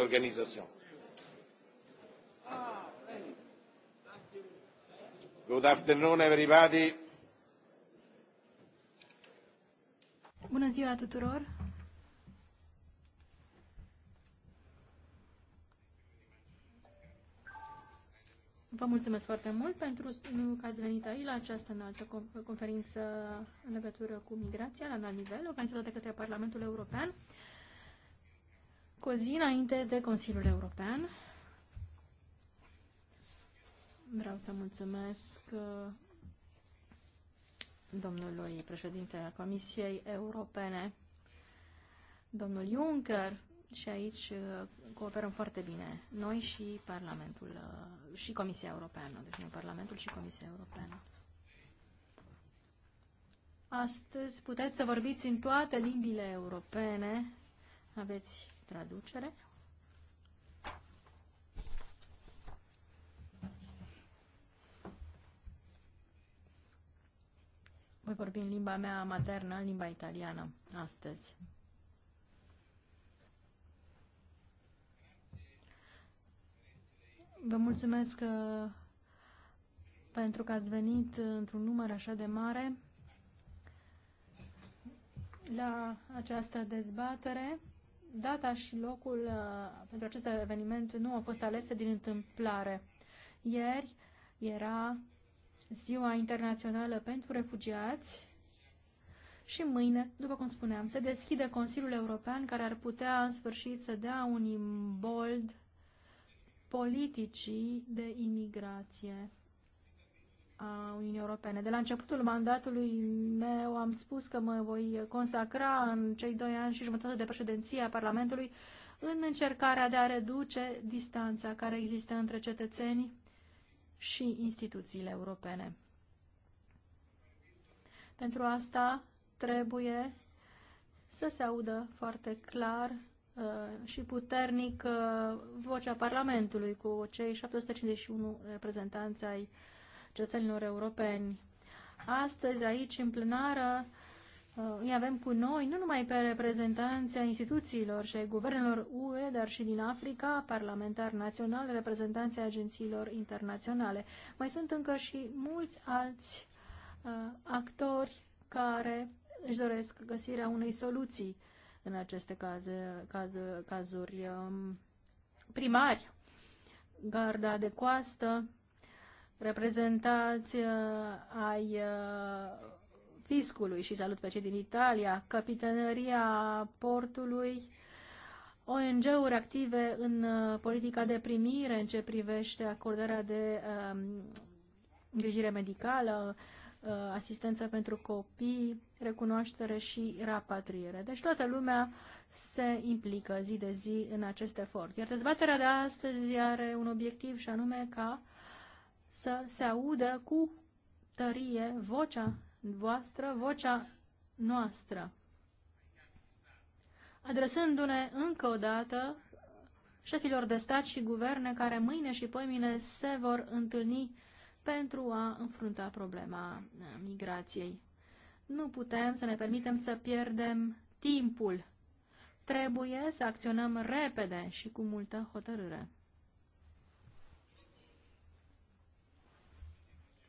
l'organisation. Good afternoon, everybody. Bună ziua tuturor! Vă mulțumesc foarte mult pentru că ați venit aici la această înaltă conferință în legătură cu migrația la înalt nivel, organizată de către Parlamentul European cu zi înainte de Consiliul European. Vreau să mulțumesc uh, domnului președinte al Comisiei Europene, domnul Juncker, și aici uh, cooperăm foarte bine noi și Parlamentul uh, și Comisia Europeană, deci nu Parlamentul și Comisia Europeană. Astăzi puteți să vorbiți în toate limbile europene, aveți traducere. Voi vorbi în limba mea maternă, în limba italiană, astăzi. Vă mulțumesc că, uh, pentru că ați venit într-un număr așa de mare la această dezbatere data și locul uh, pentru acest eveniment nu au fost alese din întâmplare. Ieri era Ziua Internațională pentru Refugiați și mâine, după cum spuneam, se deschide Consiliul European care ar putea în sfârșit să dea un imbold politicii de imigrație a Uniunii Europene. De la începutul mandatului meu am spus că mă voi consacra în cei doi ani și jumătate de președinție a Parlamentului în încercarea de a reduce distanța care există între cetățeni și instituțiile europene. Pentru asta trebuie să se audă foarte clar uh, și puternic uh, vocea Parlamentului cu cei 751 reprezentanți ai uh, cetățenilor europeni. Astăzi, aici, în plenară, uh, îi avem cu noi nu numai pe reprezentanții instituțiilor și ai guvernelor UE, dar și din Africa, parlamentar național, reprezentanții agențiilor internaționale. Mai sunt încă și mulți alți uh, actori care își doresc găsirea unei soluții în aceste caze, caz, cazuri um, primari. Garda de coastă, reprezentanți uh, ai uh, fiscului și salut pe cei din Italia, Capitaneria Portului, ONG-uri active în uh, politica de primire în ce privește acordarea de um, îngrijire medicală, uh, asistență pentru copii, recunoaștere și rapatriere. Deci toată lumea se implică zi de zi în acest efort. Iar dezbaterea de astăzi are un obiectiv și anume ca uh, să se audă cu tărie vocea voastră, vocea noastră. Adresându-ne încă o dată șefilor de stat și guverne care mâine și poimine se vor întâlni pentru a înfrunta problema migrației. Nu putem să ne permitem să pierdem timpul. Trebuie să acționăm repede și cu multă hotărâre.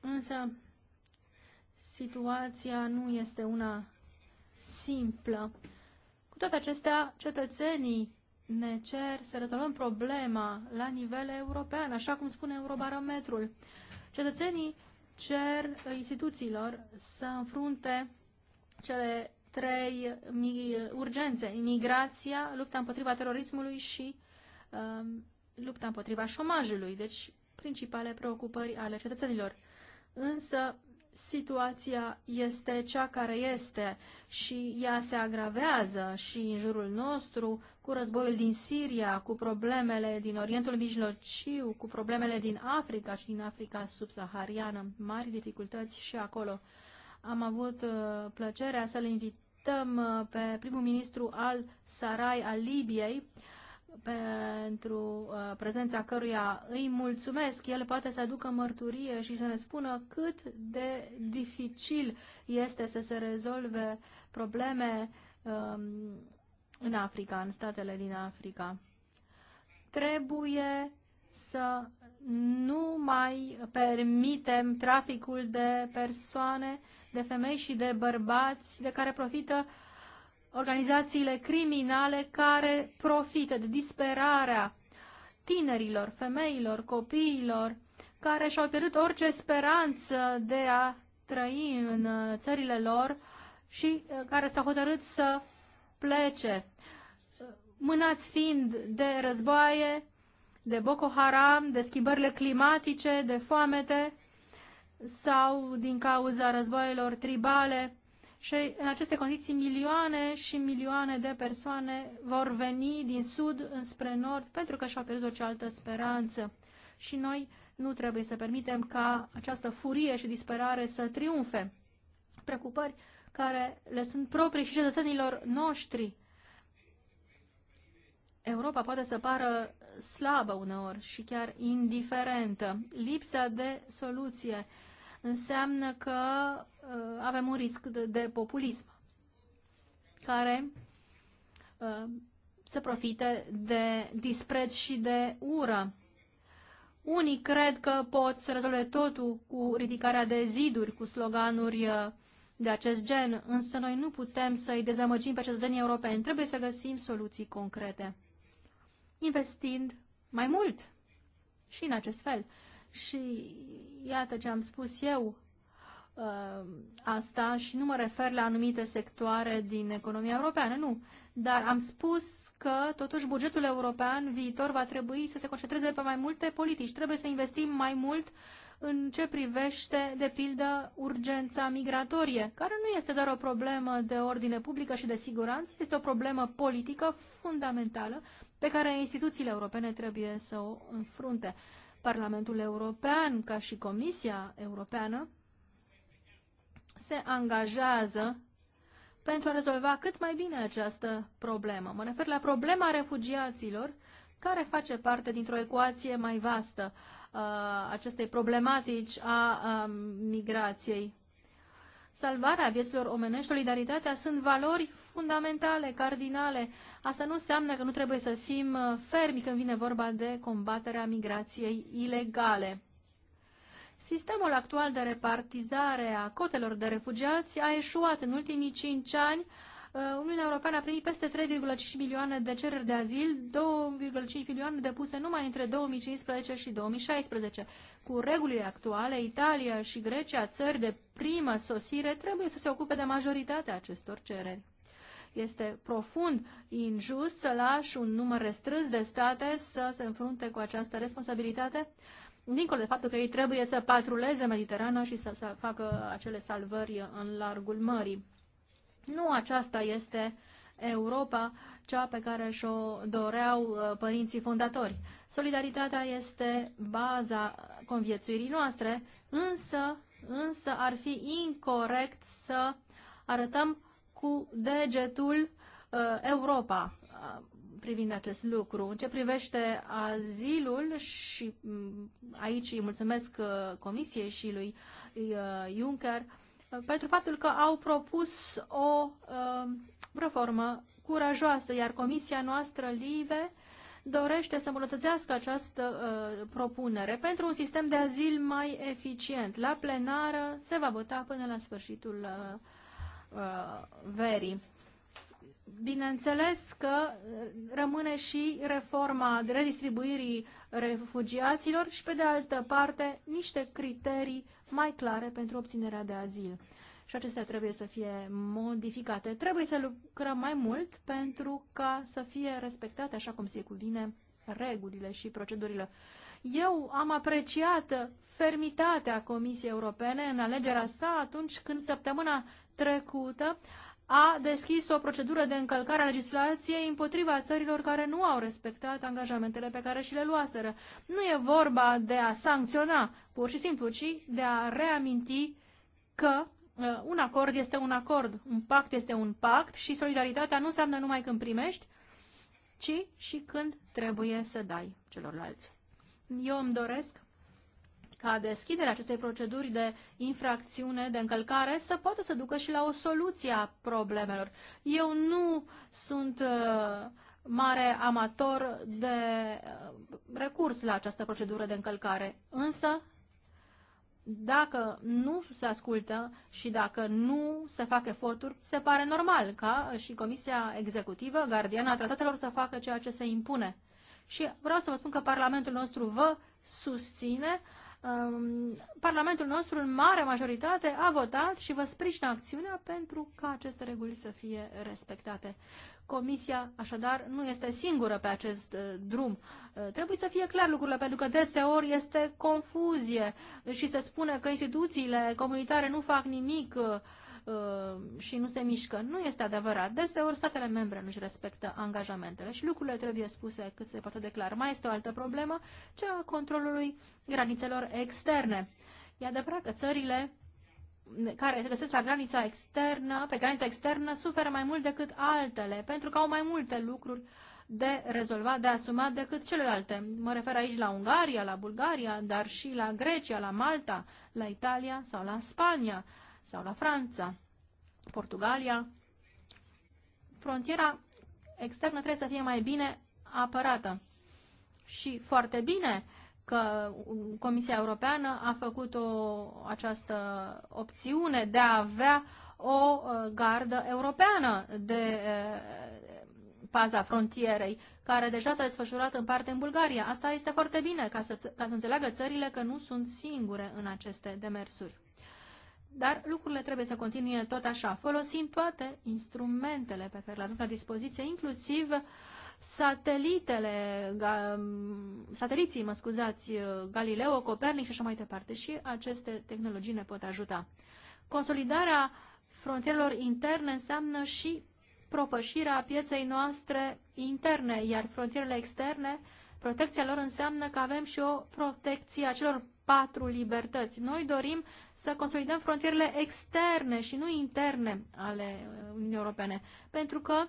Însă, situația nu este una simplă. Cu toate acestea, cetățenii ne cer să rezolvăm problema la nivel european, așa cum spune Eurobarometrul. Cetățenii cer instituțiilor să înfrunte cele trei urgențe, imigrația, lupta împotriva terorismului și uh, lupta împotriva șomajului, deci principale preocupări ale cetățenilor însă situația este cea care este și ea se agravează și în jurul nostru cu războiul din Siria, cu problemele din Orientul Mijlociu, cu problemele din Africa și din Africa subsahariană, mari dificultăți și acolo. Am avut uh, plăcerea să-l invităm uh, pe primul ministru al Sarai al Libiei, pentru uh, prezența căruia îi mulțumesc. El poate să aducă mărturie și să ne spună cât de dificil este să se rezolve probleme um, în Africa, în statele din Africa. Trebuie să nu mai permitem traficul de persoane, de femei și de bărbați de care profită uh, organizațiile criminale care profită de disperarea tinerilor, femeilor, copiilor, care și-au pierdut orice speranță de a trăi în uh, țările lor și uh, care s-au hotărât să plece, mânați fiind de războaie, de Boko Haram, de schimbările climatice, de foamete sau din cauza războaielor tribale și în aceste condiții milioane și milioane de persoane vor veni din sud înspre nord pentru că și-au pierdut orice altă speranță. Și noi nu trebuie să permitem ca această furie și disperare să triumfe. Preocupări care le sunt proprii și cetățenilor noștri. Europa poate să pară slabă uneori și chiar indiferentă. Lipsa de soluție înseamnă că Uh, avem un risc de, de populism care uh, să profite de dispreț și de ură. Unii cred că pot să rezolve totul cu ridicarea de ziduri, cu sloganuri uh, de acest gen, însă noi nu putem să-i dezamăgim pe cetățenii europeni. Trebuie să găsim soluții concrete, investind mai mult și în acest fel. Și iată ce am spus eu, Uh, asta și nu mă refer la anumite sectoare din economia europeană, nu. Dar am spus că, totuși, bugetul european viitor va trebui să se concentreze pe mai multe politici. Trebuie să investim mai mult în ce privește, de pildă, urgența migratorie, care nu este doar o problemă de ordine publică și de siguranță, este o problemă politică fundamentală pe care instituțiile europene trebuie să o înfrunte. Parlamentul European, ca și Comisia Europeană, se angajează pentru a rezolva cât mai bine această problemă. Mă refer la problema refugiaților, care face parte dintr-o ecuație mai vastă a uh, acestei problematici a, um, migrației. Salvarea vieților omenești, solidaritatea sunt valori fundamentale, cardinale. Asta nu înseamnă că nu trebuie să fim uh, fermi când vine vorba de combaterea migrației ilegale. Sistemul actual de repartizare a cotelor de refugiați a eșuat în ultimii cinci ani. Uh, Uniunea Europeană a primit peste 3,5 milioane de cereri de azil, 2,5 milioane depuse numai între 2015 și 2016. Cu regulile actuale, Italia și Grecia, țări de primă sosire, trebuie să se ocupe de majoritatea acestor cereri. Este profund injust să lași un număr restrâns de state să se înfrunte cu această responsabilitate dincolo de faptul că ei trebuie să patruleze Mediterana și să, să facă acele salvări în largul mării. Nu aceasta este Europa, cea pe care și-o doreau uh, părinții fondatori. Solidaritatea este baza conviețuirii noastre, însă, însă ar fi incorrect să arătăm cu degetul uh, Europa privind acest lucru. În ce privește azilul și mm, aici îi mulțumesc uh, Comisiei și lui uh, Juncker uh, pentru faptul că au propus o reformă curajoasă, iar Comisia noastră LIVE dorește să îmbunătățească această uh, propunere pentru un sistem de azil mai eficient. La plenară se va vota până la sfârșitul uh, uh, verii. Bineînțeles că uh, rămâne și reforma redistribuirii refugiaților și, pe de altă parte, niște criterii mai clare pentru obținerea de azil. Și acestea trebuie să fie modificate. Trebuie să lucrăm mai mult pentru ca să fie respectate, așa cum se cuvine, regulile și procedurile. Eu am apreciat fermitatea Comisiei Europene în alegerea sa atunci când săptămâna trecută a deschis o procedură de încălcare a legislației împotriva țărilor care nu au respectat angajamentele pe care și le luaseră. Nu e vorba de a sancționa, pur și simplu, ci de a reaminti că uh, un acord este un acord, un pact este un pact și solidaritatea nu înseamnă numai când primești, ci și când trebuie să dai celorlalți. Eu îmi doresc ca deschiderea acestei proceduri de infracțiune, de încălcare, să poată să ducă și la o soluție a problemelor. Eu nu sunt uh, mare amator de uh, recurs la această procedură de încălcare, însă dacă nu se ascultă și dacă nu se fac eforturi, se pare normal ca și Comisia Executivă, gardiana a tratatelor, să facă ceea ce se impune. Și vreau să vă spun că Parlamentul nostru vă susține Parlamentul nostru, în mare majoritate, a votat și vă sprijină acțiunea pentru ca aceste reguli să fie respectate. Comisia, așadar, nu este singură pe acest uh, drum. Uh, trebuie să fie clar lucrurile, pentru că deseori este confuzie și se spune că instituțiile comunitare nu fac nimic uh, Uh, și nu se mișcă. Nu este adevărat. Deseori statele membre nu-și respectă angajamentele și lucrurile trebuie spuse cât se poate declar. Mai este o altă problemă, cea a controlului granițelor externe. E adevărat că țările care se găsesc la granița externă, pe granița externă, suferă mai mult decât altele, pentru că au mai multe lucruri de rezolvat, de asumat decât celelalte. Mă refer aici la Ungaria, la Bulgaria, dar și la Grecia, la Malta, la Italia sau la Spania sau la Franța, Portugalia. Frontiera externă trebuie să fie mai bine apărată. Și foarte bine că Comisia Europeană a făcut o, această opțiune de a avea o uh, gardă europeană de uh, paza frontierei, care deja s-a desfășurat în parte în Bulgaria. Asta este foarte bine, ca să, ca să înțeleagă țările că nu sunt singure în aceste demersuri. Dar lucrurile trebuie să continue tot așa, folosind toate instrumentele pe care le avem la dispoziție, inclusiv satelitele, ga, sateliții, mă scuzați, Galileo, Copernic și așa mai departe. Și aceste tehnologii ne pot ajuta. Consolidarea frontierelor interne înseamnă și propășirea pieței noastre interne, iar frontierele externe, protecția lor înseamnă că avem și o protecție a celor patru libertăți. Noi dorim să consolidăm frontierele externe și nu interne ale Uniunii Europene, pentru că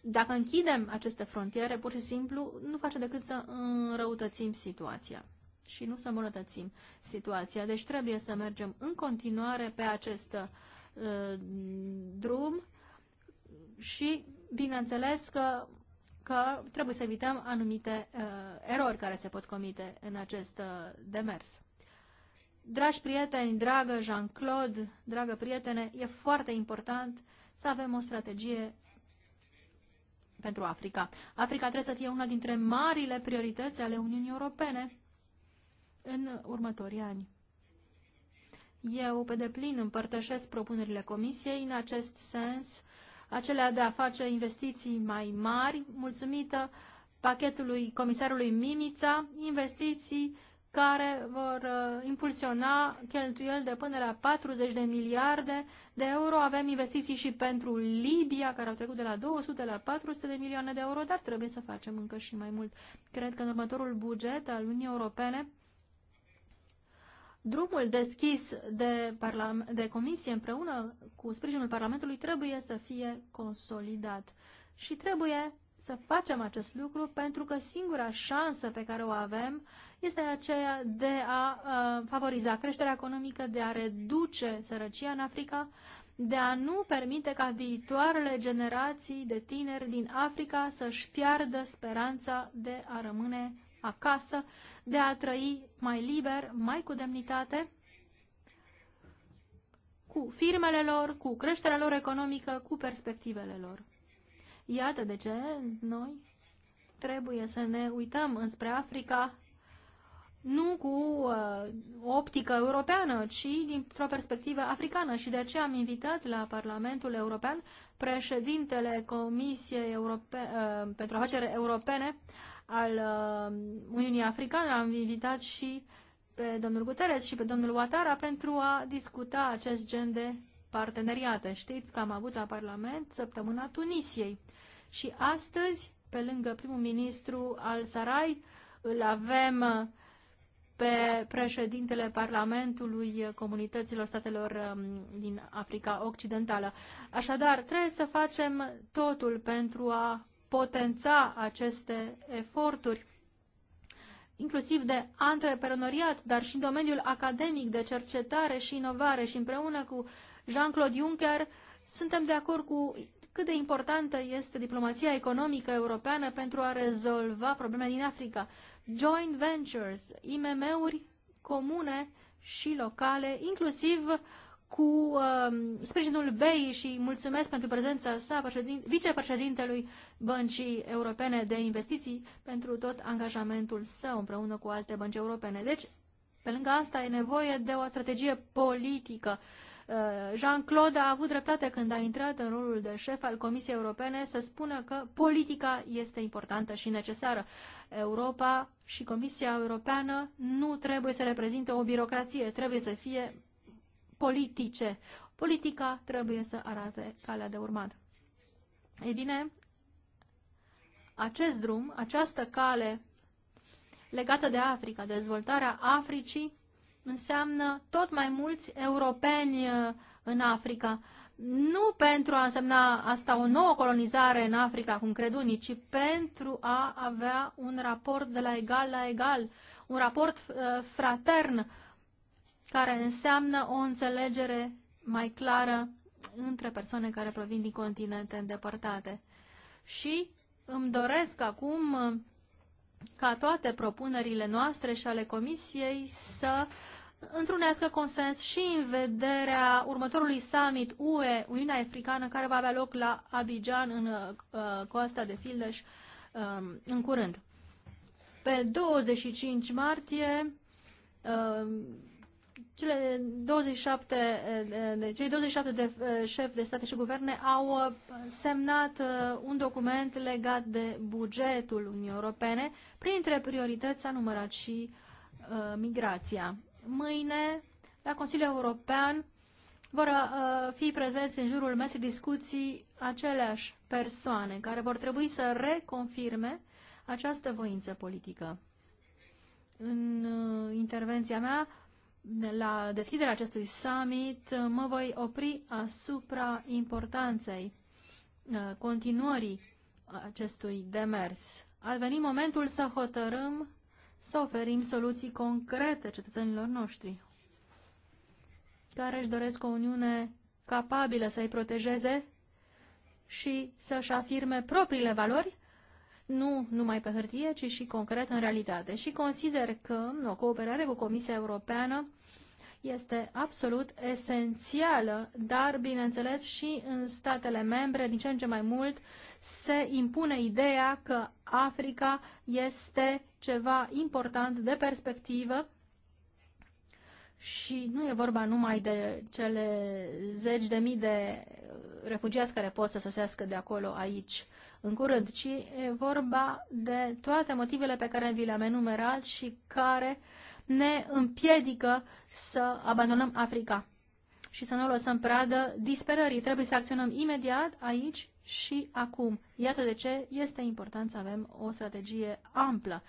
dacă închidem aceste frontiere, pur și simplu nu face decât să înrăutățim situația și nu să îmbunătățim situația. Deci trebuie să mergem în continuare pe acest uh, drum și, bineînțeles, că că trebuie să evităm anumite uh, erori care se pot comite în acest uh, demers. Dragi prieteni, dragă Jean-Claude, dragă prietene, e foarte important să avem o strategie pentru Africa. Africa trebuie să fie una dintre marile priorități ale Uniunii Europene în următorii ani. Eu pe deplin împărtășesc propunerile Comisiei în acest sens acelea de a face investiții mai mari, mulțumită pachetului comisarului Mimița, investiții care vor uh, impulsiona cheltuieli de până la 40 de miliarde de euro. Avem investiții și pentru Libia, care au trecut de la 200 la 400 de milioane de euro, dar trebuie să facem încă și mai mult. Cred că în următorul buget al Uniunii Europene Drumul deschis de, de Comisie împreună cu sprijinul Parlamentului trebuie să fie consolidat și trebuie să facem acest lucru pentru că singura șansă pe care o avem este aceea de a uh, favoriza creșterea economică, de a reduce sărăcia în Africa, de a nu permite ca viitoarele generații de tineri din Africa să-și piardă speranța de a rămâne acasă, de a trăi mai liber, mai cu demnitate, cu firmele lor, cu creșterea lor economică, cu perspectivele lor. Iată de ce noi trebuie să ne uităm înspre Africa nu cu uh, optică europeană, ci dintr-o perspectivă africană. Și de aceea am invitat la Parlamentul European președintele Comisiei Europe- uh, pentru Afaceri Europene al uh, Uniunii Africane. Am invitat și pe domnul Guterres și pe domnul Ouattara pentru a discuta acest gen de parteneriate. Știți că am avut la Parlament săptămâna Tunisiei și astăzi, pe lângă primul ministru al Sarai, îl avem pe președintele Parlamentului Comunităților Statelor um, din Africa Occidentală. Așadar, trebuie să facem totul pentru a potența aceste eforturi inclusiv de antreprenoriat, dar și în domeniul academic de cercetare și inovare și împreună cu Jean-Claude Juncker suntem de acord cu cât de importantă este diplomația economică europeană pentru a rezolva probleme din Africa. Joint ventures, IMM-uri comune și locale, inclusiv cu uh, sprijinul BEI și mulțumesc pentru prezența sa vicepreședintelui Băncii Europene de Investiții pentru tot angajamentul său împreună cu alte bănci europene. Deci, pe lângă asta e nevoie de o strategie politică. Uh, Jean-Claude a avut dreptate când a intrat în rolul de șef al Comisiei Europene să spună că politica este importantă și necesară. Europa și Comisia Europeană nu trebuie să reprezinte o birocrație, trebuie să fie politice. Politica trebuie să arate calea de urmat. Ei bine, acest drum, această cale legată de Africa, dezvoltarea Africii, înseamnă tot mai mulți europeni uh, în Africa. Nu pentru a însemna asta o nouă colonizare în Africa, cum cred unii, ci pentru a avea un raport de la egal la egal, un raport uh, fratern care înseamnă o înțelegere mai clară între persoane care provin din continente îndepărtate. Și îmi doresc acum uh, ca toate propunerile noastre și ale Comisiei să întrunească consens și în vederea următorului summit UE, Uniunea Africană, care va avea loc la Abidjan, în uh, coasta de Fildeș, uh, în curând. Pe 25 martie, uh, cele 27, eh, cei 27 de eh, șefi de state și guverne au eh, semnat un document legat de bugetul Uniunii Europene. Printre priorități a numărat și uh, migrația. Mâine, la Consiliul European, vor uh, fi prezenți în jurul mesei discuții aceleași persoane care vor trebui să reconfirme această voință politică. În uh, intervenția mea, la deschiderea acestui summit mă voi opri asupra importanței uh, continuării acestui demers. A venit momentul să hotărâm să oferim soluții concrete cetățenilor noștri care își doresc o Uniune capabilă să-i protejeze și să-și afirme propriile valori nu numai pe hârtie, ci și concret în realitate. Și consider că o cooperare cu Comisia Europeană este absolut esențială, dar, bineînțeles, și în statele membre, din ce în ce mai mult, se impune ideea că Africa este ceva important de perspectivă și nu e vorba numai de cele zeci de mii de refugiați care pot să sosească de acolo aici în curând, ci e vorba de toate motivele pe care vi le-am enumerat și care ne împiedică să abandonăm Africa și să nu o lăsăm pradă disperării. Trebuie să acționăm imediat aici și acum. Iată de ce este important să avem o strategie amplă.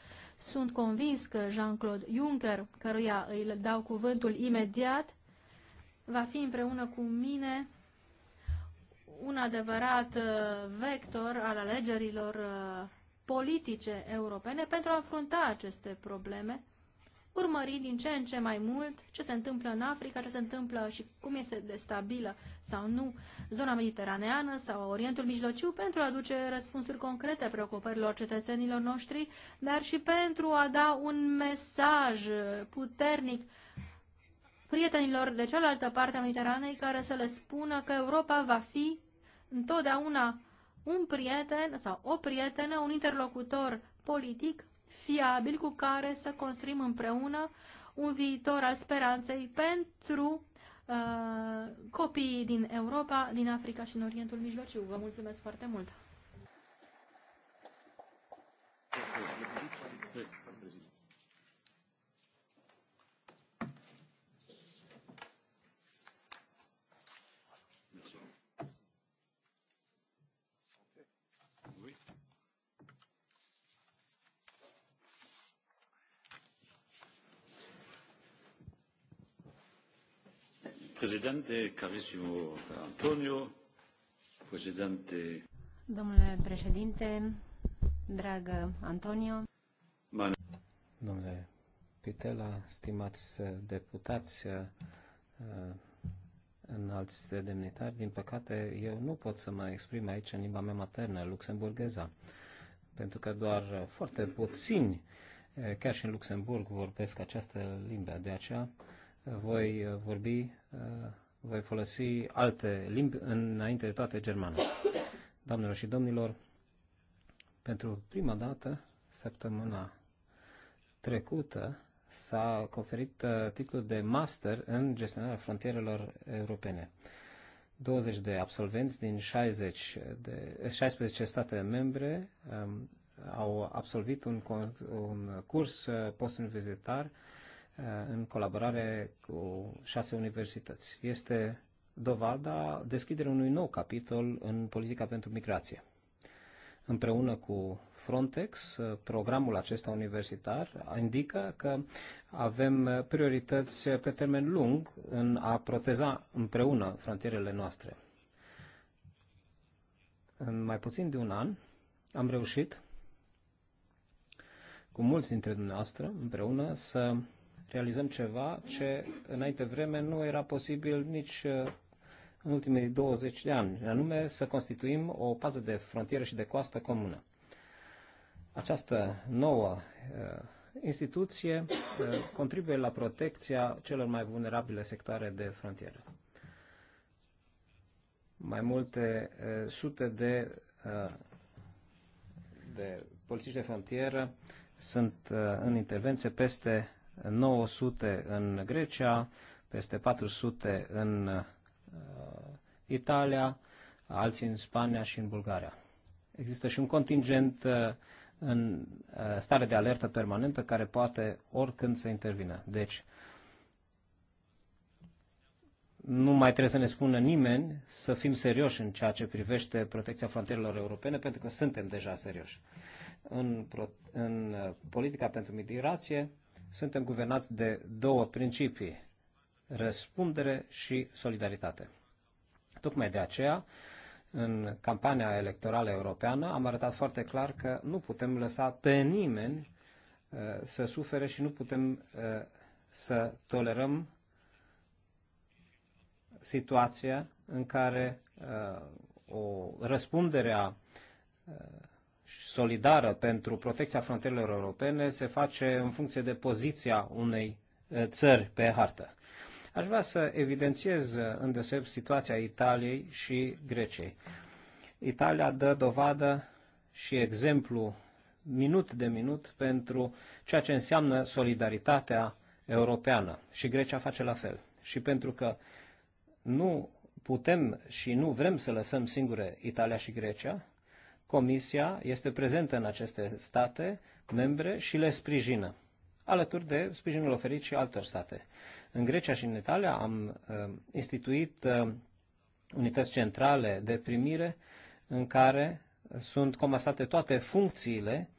Sunt convins că Jean-Claude Juncker, căruia îi dau cuvântul imediat, va fi împreună cu mine un adevărat uh, vector al alegerilor uh, politice europene pentru a afrunta aceste probleme, urmări din ce în ce mai mult ce se întâmplă în Africa, ce se întâmplă și cum este de stabilă sau nu zona mediteraneană sau Orientul Mijlociu pentru a aduce răspunsuri concrete preocupărilor cetățenilor noștri, dar și pentru a da un mesaj puternic prietenilor de cealaltă parte a Mediteranei care să le spună că Europa va fi întotdeauna un prieten sau o prietenă, un interlocutor politic fiabil cu care să construim împreună un viitor al speranței pentru uh, copiii din Europa, din Africa și în Orientul Mijlociu. Vă mulțumesc foarte mult! Președinte, carissimo Antonio, Președinte. Domnule președinte, dragă Antonio. Man. Domnule Pitela, stimați eh, deputați, eh, eh, înalți demnitari, din păcate eu nu pot să mă exprim aici în limba mea maternă, luxemburgheza, pentru că doar foarte puțini, chiar și în Luxemburg, vorbesc această limbă. De aceea voi uh, vorbi, uh, voi folosi alte limbi, înainte de toate germană. Doamnelor și domnilor, pentru prima dată, săptămâna trecută, s-a conferit uh, titlul de master în gestionarea frontierelor europene. 20 de absolvenți din 60 de, 16 state membre um, au absolvit un, un curs postuniversitar uh, în colaborare cu șase universități. Este dovada deschiderea unui nou capitol în politica pentru migrație. Împreună cu Frontex, programul acesta universitar indică că avem priorități pe termen lung în a proteza împreună frontierele noastre. În mai puțin de un an am reușit cu mulți dintre dumneavoastră împreună să realizăm ceva ce înainte vreme nu era posibil nici uh, în ultimii 20 de ani, anume să constituim o pază de frontieră și de coastă comună. Această nouă uh, instituție uh, contribuie la protecția celor mai vulnerabile sectoare de frontieră. Mai multe sute de, de polițiști de frontieră sunt în intervenție peste 900 în Grecia, peste 400 în uh, Italia, alții în Spania și în Bulgaria. Există și un contingent uh, în uh, stare de alertă permanentă care poate oricând să intervină. Deci, nu mai trebuie să ne spună nimeni să fim serioși în ceea ce privește protecția frontierelor europene, pentru că suntem deja serioși. În, în uh, politica pentru migrație, suntem guvernați de două principii, răspundere și solidaritate. Tocmai de aceea, în campania electorală europeană, am arătat foarte clar că nu putem lăsa pe nimeni uh, să sufere și nu putem uh, să tolerăm situația în care uh, o răspundere a solidară pentru protecția frontierelor europene se face în funcție de poziția unei eh, țări pe hartă. Aș vrea să evidențiez eh, în deseb situația Italiei și Greciei. Italia dă dovadă și exemplu minut de minut pentru ceea ce înseamnă solidaritatea europeană și Grecia face la fel. Și pentru că nu putem și nu vrem să lăsăm singure Italia și Grecia, Comisia este prezentă în aceste state membre și le sprijină, alături de sprijinul oferit și altor state. În Grecia și în Italia am uh, instituit uh, unități centrale de primire în care sunt comasate toate funcțiile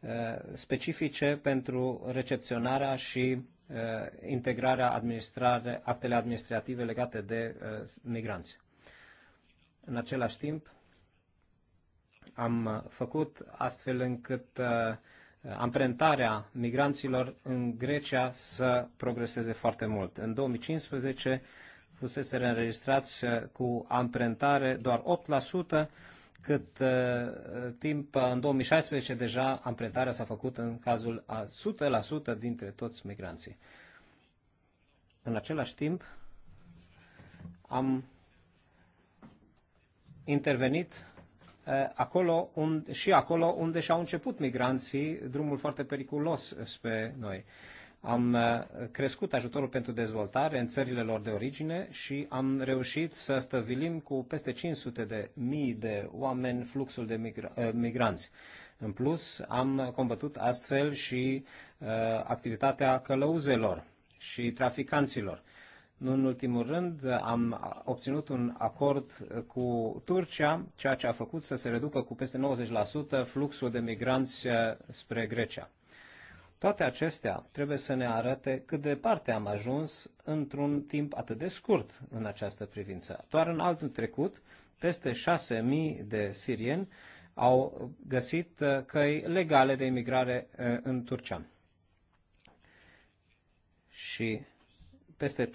uh, specifice pentru recepționarea și uh, integrarea administrare, actele administrative legate de uh, migranți. În același timp, am făcut astfel încât uh, amprentarea migranților în Grecia să progreseze foarte mult. În 2015 fusese înregistrați uh, cu amprentare doar 8%, cât uh, timp în 2016 deja amprentarea s-a făcut în cazul a 100% dintre toți migranții. În același timp, am intervenit Eh, acolo unde, și acolo unde și-au început migranții drumul foarte periculos spre noi. Am eh, crescut ajutorul pentru dezvoltare în țările lor de origine și am reușit să stăvilim cu peste 500 de mii de oameni fluxul de migra- eh, migranți. În plus, am combătut astfel și uh, activitatea călăuzelor și traficanților. Uh, nu în ultimul rând, am obținut un acord cu Turcia, ceea ce a făcut să se reducă cu peste 90% fluxul de migranți uh, spre Grecia. Toate acestea trebuie să ne arate cât de departe am ajuns într-un timp atât de scurt în această privință. Doar în altul trecut, peste 6.000 de sirieni au găsit uh, căi legale de imigrare uh, în Turcia. Și peste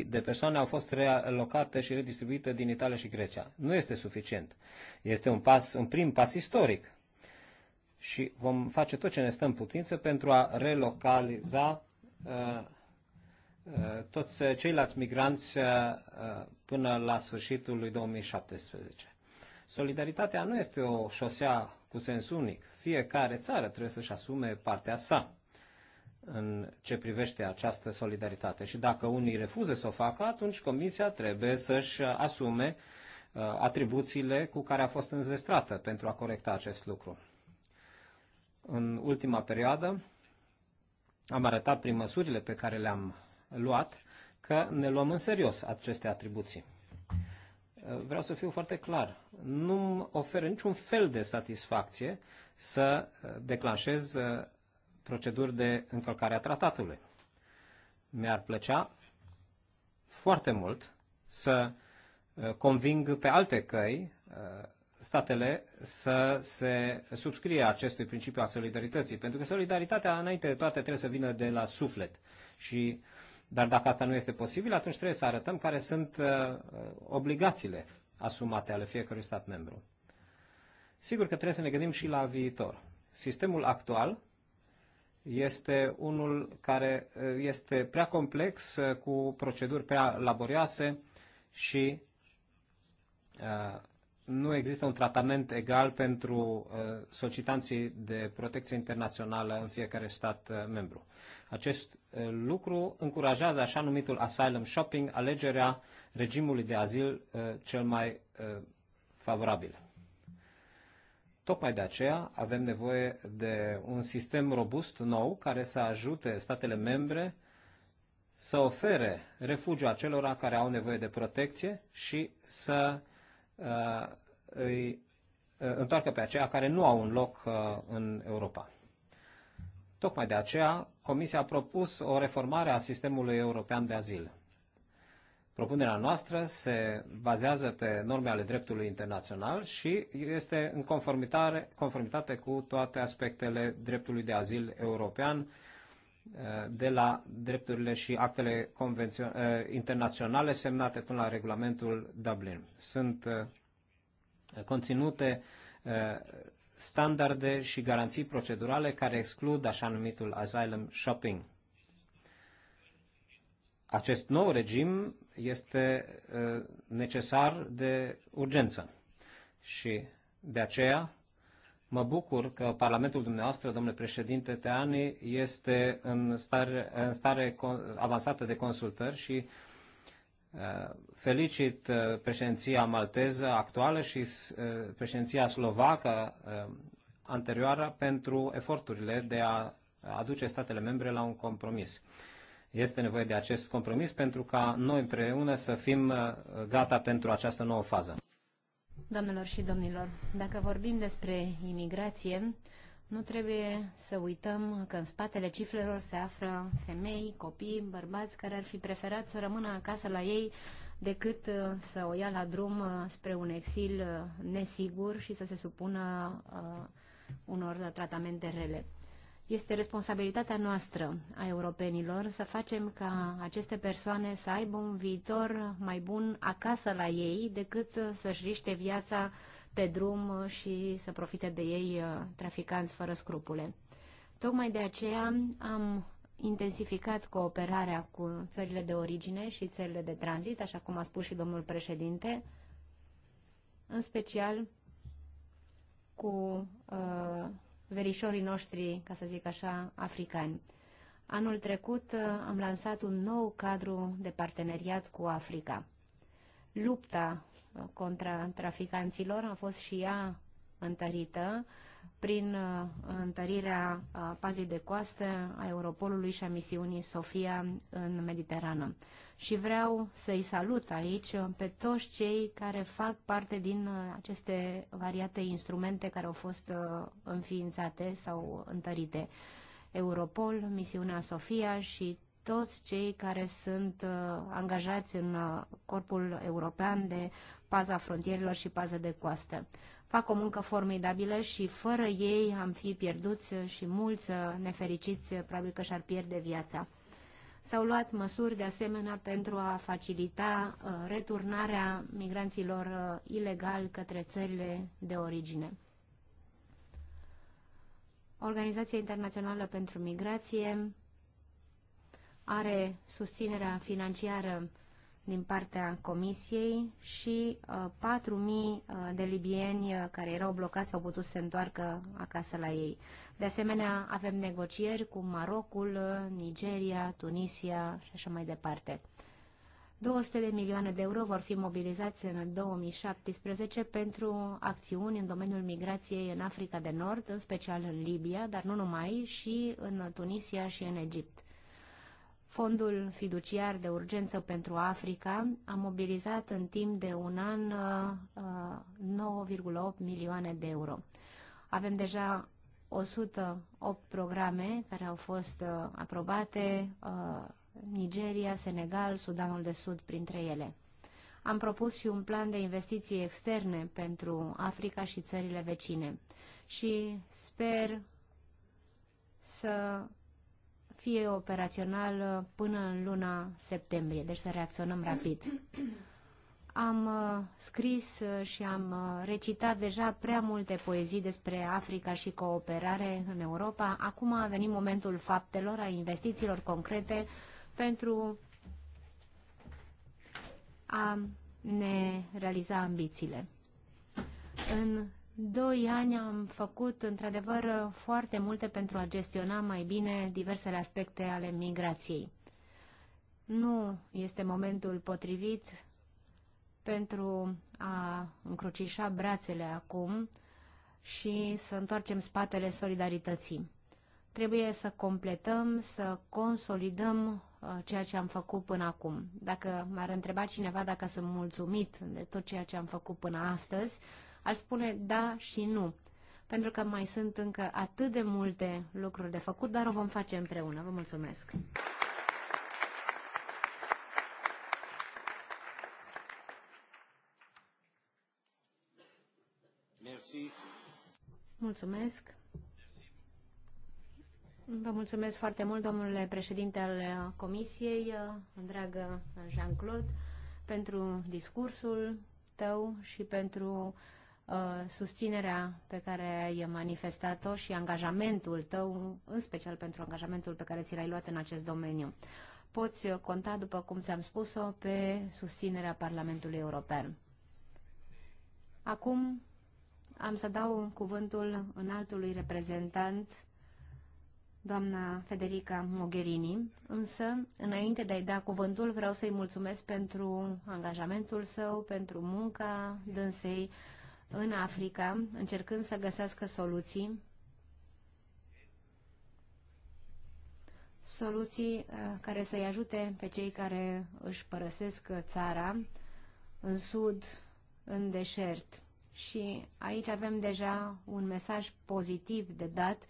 31.000 de persoane au fost realocate și redistribuite din Italia și Grecia. Nu este suficient. Este un, pas, un prim pas istoric. Și vom face tot ce ne stă în putință pentru a relocaliza uh, uh, toți ceilalți migranți uh, uh până la sfârșitul lui 2017. Solidaritatea nu este o șosea cu sens unic. Fiecare țară trebuie să-și asume partea sa în ce privește această solidaritate. Și dacă unii refuză să o facă, atunci Comisia trebuie să-și asume uh, atribuțiile cu care a fost înzestrată pentru a corecta acest lucru. În ultima perioadă am arătat prin măsurile pe care le-am luat că ne luăm în serios aceste atribuții. Uh, vreau să fiu foarte clar. Nu oferă niciun fel de satisfacție să uh, declanșez proceduri de încălcare a tratatului. Mi-ar plăcea foarte mult să uh, conving pe alte căi uh, statele să se subscrie acestui principiu al solidarității, pentru că solidaritatea înainte de toate trebuie să vină de la suflet. Și, dar dacă asta nu este posibil, atunci trebuie să arătăm care sunt uh, obligațiile asumate ale fiecărui stat membru. Sigur că trebuie să ne gândim și la viitor. Sistemul actual este unul care eh, este prea complex, eh, cu proceduri prea laborioase și eh, nu există un tratament egal pentru solicitanții de protecție internațională în fiecare stat membru. Acest lucru încurajează așa numitul asylum shopping, alegerea regimului de azil cel mai favorabil. Tocmai de aceea avem nevoie de un sistem robust nou care să ajute statele membre să ofere refugiu acelora care au nevoie de protecție și să uh, îi uh, întoarcă pe aceia care nu au un loc uh, în Europa. Tocmai de aceea, Comisia a propus o reformare a sistemului european de azil. Propunerea noastră se bazează pe norme ale dreptului internațional și este în conformitate, conformitate cu toate aspectele dreptului de azil european, eh, de la drepturile și actele eh, internaționale semnate până la regulamentul Dublin. Sunt eh, conținute standarde și garanții procedurale care exclud așa numitul asylum shopping acest nou regim este necesar de urgență. Și de aceea mă bucur că Parlamentul dumneavoastră, domnule președinte Teani, este în stare, în stare avansată de consultări și felicit președinția malteză actuală și președinția slovacă anterioară pentru eforturile de a aduce statele membre la un compromis. Este nevoie de acest compromis pentru ca noi împreună să fim uh, gata pentru această nouă fază. Domnilor și domnilor, dacă vorbim despre imigrație, nu trebuie să uităm că în spatele cifrelor se află femei, copii, bărbați care ar fi preferat să rămână acasă la ei decât uh, să o ia la drum uh, spre un exil nesigur și să se supună unor tratamente rele. Este responsabilitatea noastră a europenilor să facem ca aceste persoane să aibă un viitor mai bun acasă la ei decât să-și riște viața pe drum și să profite de ei uh, traficanți fără scrupule. Tocmai de aceea am intensificat cooperarea cu țările de origine și țările de tranzit, așa cum a spus și domnul președinte, în special cu uh, verișorii noștri, ca să zic așa, africani. Anul trecut uh, am lansat un nou cadru de parteneriat cu Africa. Lupta uh, contra traficanților a fost și ea întărită prin uh, întărirea pazii de coastă a Europolului și a misiunii Sofia în Mediterană și vreau să-i salut aici pe toți cei care fac parte din uh, aceste variate instrumente care au fost uh, înființate sau întărite. Europol, misiunea Sofia și toți cei care sunt uh, angajați în Corpul European de Paza Frontierilor și Pază de Coastă. Fac o muncă formidabilă și fără ei am fi pierduți și mulți nefericiți probabil că și-ar pierde viața. S-au luat măsuri de asemenea pentru a facilita uh, returnarea migranților uh, ilegal către țările de origine. Organizația Internațională pentru Migrație are susținerea financiară din partea Comisiei și uh, 4.000 uh, de libieni uh, care erau blocați au putut să se întoarcă acasă la ei. De asemenea, avem negocieri cu Marocul, uh, Nigeria, Tunisia și așa mai departe. 200 de milioane de euro vor fi mobilizați în 2017 pentru acțiuni în domeniul migrației în Africa de Nord, în special în Libia, dar nu numai, și în Tunisia și în Egipt. Fondul fiduciar de urgență pentru Africa a mobilizat în timp de un an 9,8 uh, uh, milioane de euro. Avem deja 108 programe care au fost uh, aprobate, Nigeria, Senegal, Sudanul de Sud printre ele. Am propus și un plan de investiții externe pentru Africa și țările vecine și sper să fie operațional uh, până în luna septembrie, deci să reacționăm rapid. Am uh, scris uh, și am recitat deja prea multe poezii despre Africa și cooperare în Europa. Acum a venit momentul faptelor, a investițiilor concrete pentru a ne realiza ambițiile. În doi ani am făcut într-adevăr foarte multe pentru a gestiona mai bine diversele aspecte ale migrației. Nu este momentul potrivit pentru a încrucișa brațele acum și să întoarcem spatele solidarității. Trebuie să completăm, să consolidăm uh, ceea ce am făcut până acum. Dacă m-ar întreba cineva dacă sunt mulțumit de tot ceea ce am făcut până astăzi, Aș spune da și nu, pentru că mai sunt încă atât de multe lucruri de făcut, dar o vom face împreună. Vă mulțumesc! Merci. Mulțumesc! Vă mulțumesc foarte mult, domnule președinte al Comisiei, dragă Jean-Claude, pentru discursul tău și pentru Uh, susținerea pe care ai manifestat-o și angajamentul tău, în special pentru angajamentul pe care ți l-ai luat în acest domeniu. Poți conta, după cum ți-am spus-o, pe susținerea Parlamentului European. Acum am să dau cuvântul altului reprezentant, doamna Federica Mogherini, însă, înainte de a-i da cuvântul, vreau să-i mulțumesc pentru angajamentul său, pentru munca dânsei, în Africa, încercând să găsească soluții soluții uh, care să-i ajute pe cei care își părăsesc țara în sud, în deșert. Și aici avem deja un mesaj pozitiv de dat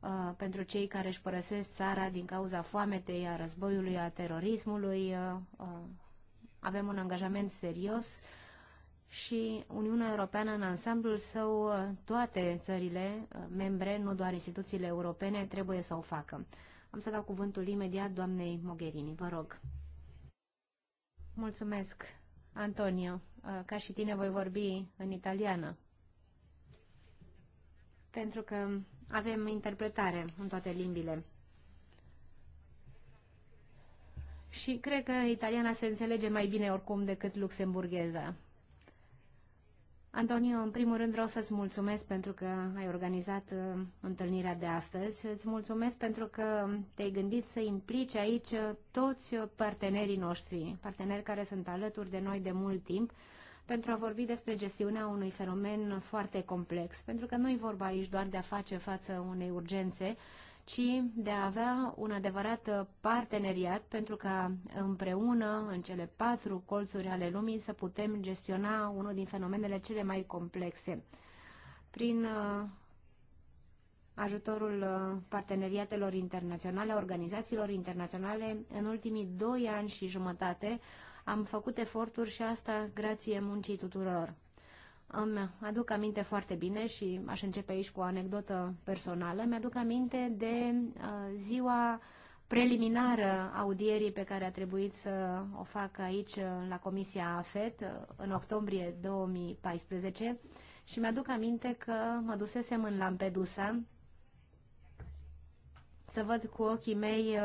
uh, pentru cei care își părăsesc țara din cauza foametei, a războiului, a terorismului. Uh, uh, avem un angajament serios uh, și Uniunea Europeană în ansamblul său, toate țările uh, membre, nu doar instituțiile europene, trebuie să o facă. Am să dau cuvântul imediat doamnei Mogherini. Vă rog. Mulțumesc, Antonio. Uh, ca și tine voi vorbi în italiană. Pentru că avem interpretare în toate limbile. Și cred că italiana se înțelege mai bine oricum decât luxemburgheza. Antonio, în primul rând vreau să-ți mulțumesc pentru că ai organizat uh, întâlnirea de astăzi. Îți mulțumesc pentru că te-ai gândit să implici aici uh, toți uh, partenerii noștri, parteneri care sunt alături de noi de mult timp, pentru a vorbi despre gestiunea unui fenomen foarte complex. Pentru că nu-i vorba aici doar de a face față unei urgențe, ci de a avea un adevărat uh, parteneriat pentru ca împreună, în cele patru colțuri ale lumii, să putem gestiona unul din fenomenele cele mai complexe. Prin uh, ajutorul uh, parteneriatelor internaționale, a organizațiilor internaționale, în ultimii doi ani și jumătate am făcut eforturi și asta grație muncii tuturor. Îmi aduc aminte foarte bine și aș începe aici cu o anecdotă personală. Mi-aduc aminte de uh, ziua preliminară audierii pe care a trebuit să o fac aici uh, la Comisia AFET uh, în octombrie 2014 și mi-aduc aminte că mă dusesem în Lampedusa să văd cu ochii mei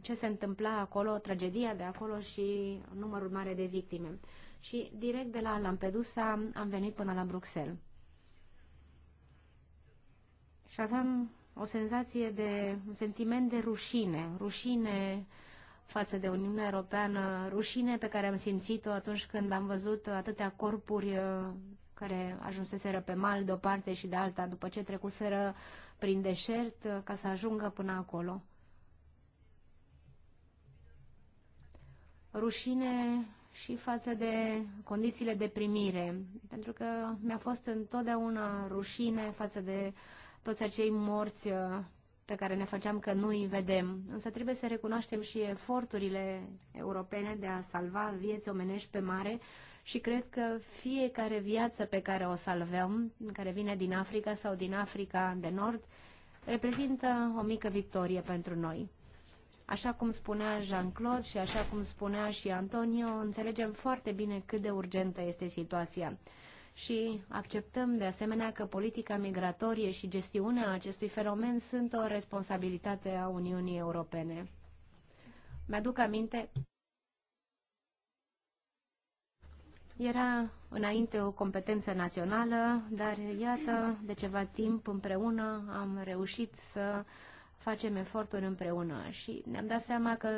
ce se întâmpla acolo, tragedia de acolo și numărul mare de victime și direct de la Lampedusa am venit până la Bruxelles. Și aveam o senzație de, un sentiment de rușine, rușine față de Uniunea Europeană, rușine pe care am simțit-o atunci când am văzut atâtea corpuri uh, care ajunseseră pe mal de o parte și de alta, după ce trecuseră prin deșert uh, ca să ajungă până acolo. Rușine și față de condițiile de primire, pentru că mi-a fost întotdeauna rușine față de toți acei morți uh, pe care ne făceam că nu îi vedem. Însă trebuie să recunoaștem și eforturile europene de a salva vieți omenești pe mare și cred că fiecare viață pe care o salvăm, care vine din Africa sau din Africa de Nord, reprezintă o mică victorie pentru noi. Așa cum spunea Jean-Claude și așa cum spunea și Antonio, înțelegem foarte bine cât de urgentă este situația. Și acceptăm de asemenea că politica migratorie și gestiunea acestui fenomen sunt o responsabilitate a Uniunii Europene. Mi-aduc aminte Era înainte o competență națională, dar iată, de ceva timp împreună am reușit să facem eforturi împreună și ne-am dat seama că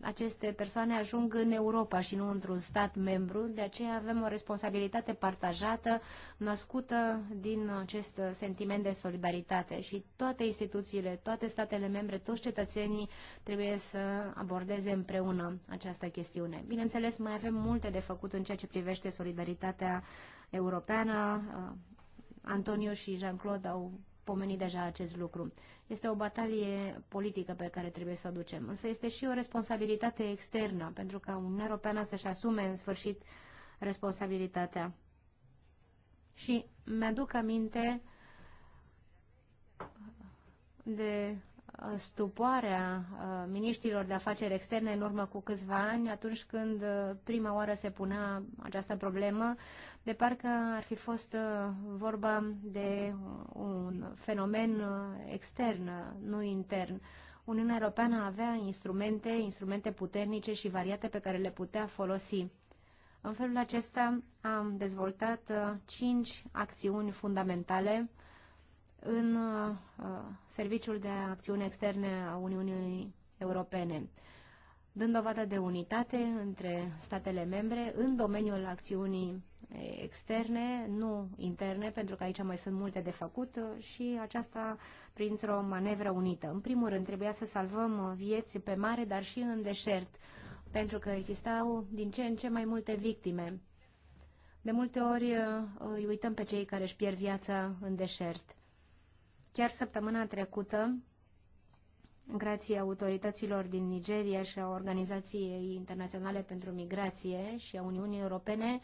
aceste persoane ajung în Europa și nu într-un stat membru, de aceea avem o responsabilitate partajată născută din acest sentiment de solidaritate și toate instituțiile, toate statele membre, toți cetățenii trebuie să abordeze împreună această chestiune. Bineînțeles, mai avem multe de făcut în ceea ce privește solidaritatea europeană, Antonio și Jean-Claude au pomenit deja acest lucru. Este o batalie politică pe care trebuie să o ducem, însă este și o responsabilitate externă, pentru ca Uniunea Europeană să-și asume în sfârșit responsabilitatea. Și mi-aduc aminte de stupoarea uh, miniștrilor de afaceri externe în urmă cu câțiva ani, atunci când uh, prima oară se punea această problemă, de parcă ar fi fost uh, vorba de un fenomen extern, nu intern. Uniunea Europeană avea instrumente, instrumente puternice și variate pe care le putea folosi. În felul acesta am dezvoltat cinci acțiuni fundamentale în uh, Serviciul de Acțiune Externe a Uniunii Europene, dând dovadă de unitate între statele membre în domeniul acțiunii externe, nu interne, pentru că aici mai sunt multe de făcut uh, și aceasta printr-o manevră unită. În primul rând, trebuia să salvăm vieți pe mare, dar și în deșert, pentru că existau din ce în ce mai multe victime. De multe ori uh, îi uităm pe cei care își pierd viața în deșert. Chiar săptămâna trecută, grație autorităților din Nigeria și a Organizației Internaționale pentru Migrație și a Uniunii Europene,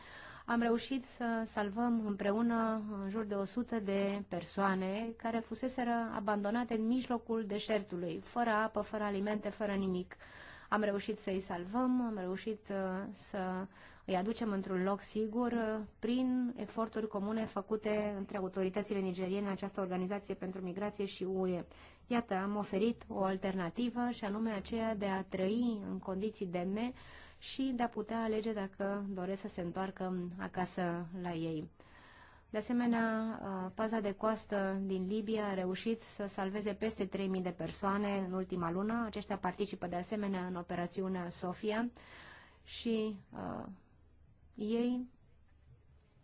am reușit să salvăm împreună în jur de 100 de persoane care fuseseră abandonate în mijlocul deșertului, fără apă, fără alimente, fără nimic. Am reușit să-i salvăm, am reușit uh, să îi aducem într-un loc sigur uh, prin eforturi comune făcute între autoritățile nigeriene, această organizație pentru migrație și UE. Iată, am oferit o alternativă și anume aceea de a trăi în condiții demne și de a putea alege dacă doresc să se întoarcă acasă la ei. De asemenea, uh, paza de coastă din Libia a reușit să salveze peste 3.000 de persoane în ultima lună. Aceștia participă de asemenea în operațiunea Sofia și uh, ei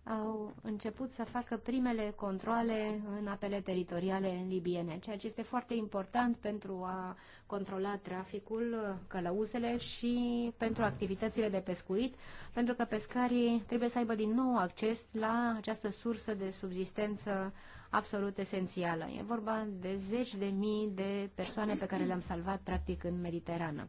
au început să facă primele controle în apele teritoriale libiene, ceea ce este foarte important pentru a controla traficul, călăuzele și pentru activitățile de pescuit, pentru că pescarii trebuie să aibă din nou acces la această sursă de subzistență absolut esențială. E vorba de zeci de mii de persoane pe care le-am salvat practic în Mediterană.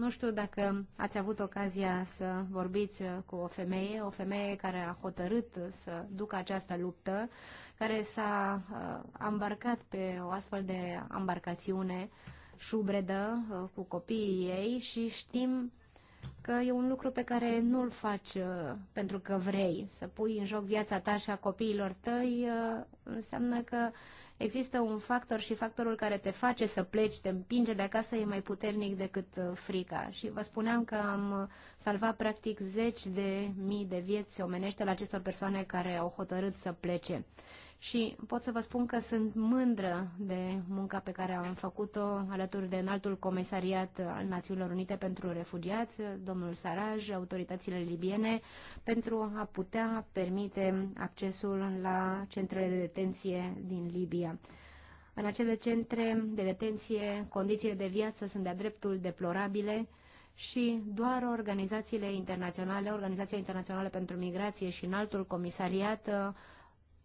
Nu știu dacă ați avut ocazia să vorbiți uh, cu o femeie, o femeie care a hotărât să ducă această luptă, care s-a îmbarcat uh, pe o astfel de embarcațiune șubredă uh, cu copiii ei și știm că e un lucru pe care nu-l faci pentru că vrei. Să pui în joc viața ta și a copiilor tăi înseamnă că Există un factor și factorul care te face să pleci, te împinge de acasă, e mai puternic decât uh, frica. Și vă spuneam că am uh, salvat practic zeci de mii de vieți omenește la acestor persoane care au hotărât să plece și pot să vă spun că sunt mândră de munca pe care am făcut-o alături de înaltul comisariat al Națiunilor Unite pentru Refugiați, domnul Saraj, autoritățile libiene, pentru a putea permite accesul la centrele de detenție din Libia. În acele centre de detenție, condițiile de viață sunt de-a dreptul deplorabile, și doar organizațiile internaționale, Organizația Internațională pentru Migrație și Înaltul Comisariat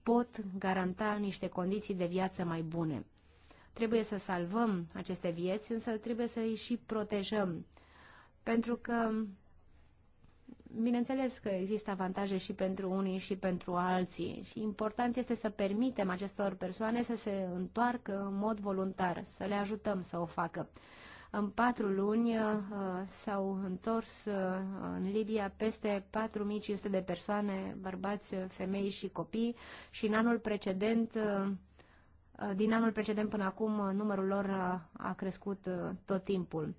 pot garanta niște condiții de viață mai bune. Trebuie să salvăm aceste vieți, însă trebuie să îi și protejăm. Pentru că, bineînțeles că există avantaje și pentru unii și pentru alții și important este să permitem acestor persoane să se întoarcă în mod voluntar, să le ajutăm să o facă. În patru luni uh, s-au întors uh, în Libia peste 4500 de persoane, bărbați, uh, femei și copii și în anul precedent din anul precedent până acum numărul lor a, a crescut tot timpul.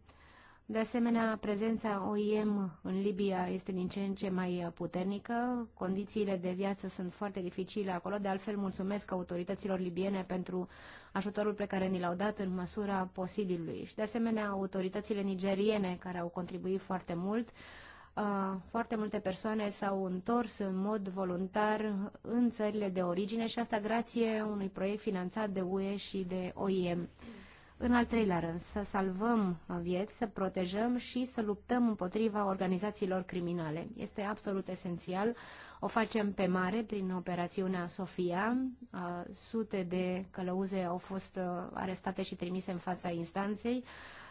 De asemenea, prezența OIM în Libia este din ce în ce mai puternică. Condițiile de viață sunt foarte dificile acolo. De altfel, mulțumesc autorităților libiene pentru ajutorul pe care ni l-au dat în măsura posibilului. Și de asemenea, autoritățile nigeriene care au contribuit foarte mult, uh, foarte multe persoane s-au întors în mod voluntar în țările de origine și asta grație unui proiect finanțat de UE și de OIM. În al treilea rând, să salvăm vieți, să protejăm și să luptăm împotriva organizațiilor criminale. Este absolut esențial uh, o facem pe mare prin operațiunea Sofia. Sute de călăuze au fost arestate și trimise în fața instanței.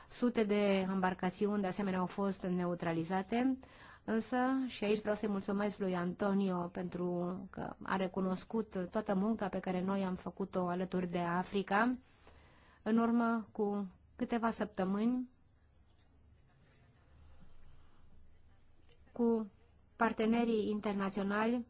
Sute de embarcațiuni de asemenea au fost neutralizate. Însă, și aici vreau să-i mulțumesc lui Antonio pentru că a recunoscut toată munca pe care noi am făcut-o alături de Africa. În urmă cu câteva săptămâni, cu partenerii internaționali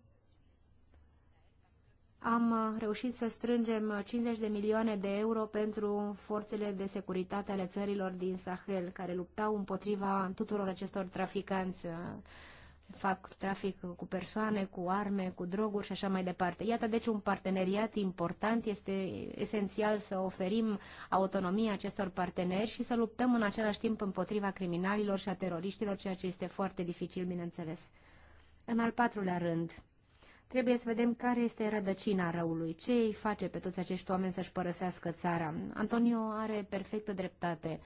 am reușit să strângem 50 de milioane de euro pentru forțele de securitate ale țărilor din Sahel, care luptau împotriva tuturor acestor traficanți. Fac trafic cu persoane, cu arme, cu droguri și așa mai departe. Iată, deci, un parteneriat important. Este esențial să oferim autonomie acestor parteneri și să luptăm în același timp împotriva criminalilor și a teroriștilor, ceea ce este foarte dificil, bineînțeles. În al patrulea rând, trebuie să vedem care este rădăcina răului, ce îi face pe toți acești oameni să-și părăsească țara. Antonio are perfectă dreptate.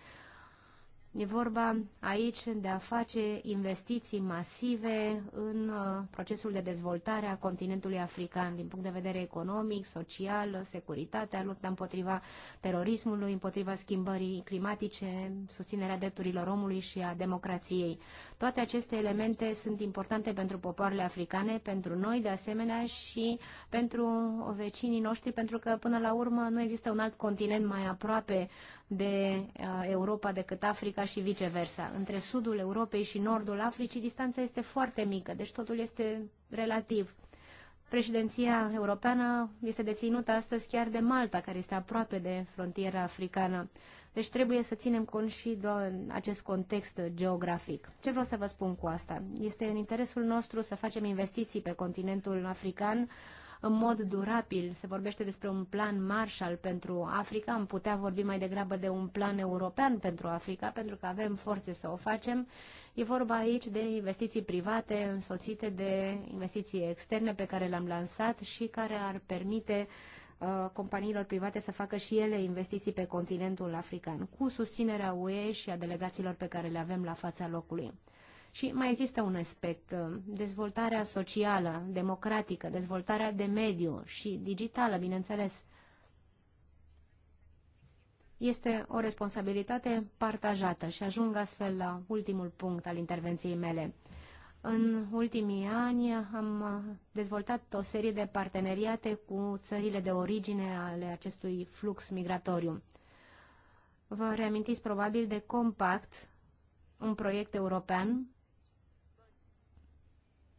E vorba aici de a face investiții masive în uh, procesul de dezvoltare a continentului african din punct de vedere economic, social, securitatea, lupta împotriva terorismului, împotriva schimbării climatice, susținerea drepturilor omului și a democrației. Toate aceste elemente sunt importante pentru popoarele africane, pentru noi de asemenea și pentru vecinii noștri, pentru că până la urmă nu există un alt continent mai aproape de uh, Europa decât Africa și viceversa. Între sudul Europei și nordul Africii distanța este foarte mică, deci totul este relativ. Președinția europeană este deținută astăzi chiar de Malta, care este aproape de frontiera africană. Deci trebuie să ținem cont și de acest context geografic. Ce vreau să vă spun cu asta? Este în interesul nostru să facem investiții pe continentul african în mod durabil. Se vorbește despre un plan Marshall pentru Africa. Am putea vorbi mai degrabă de un plan european pentru Africa, pentru că avem forțe să o facem. E vorba aici de investiții private însoțite de investiții externe pe care le-am lansat și care ar permite Uh, companiilor private să facă și ele investiții pe continentul african, cu susținerea UE și a delegațiilor pe care le avem la fața locului. Și mai există un aspect, uh, dezvoltarea socială, democratică, dezvoltarea de mediu și digitală, bineînțeles. Este o responsabilitate partajată și ajung astfel la ultimul punct al intervenției mele. În ultimii ani am dezvoltat o serie de parteneriate cu țările de origine ale acestui flux migratoriu. Vă reamintiți probabil de Compact, un proiect european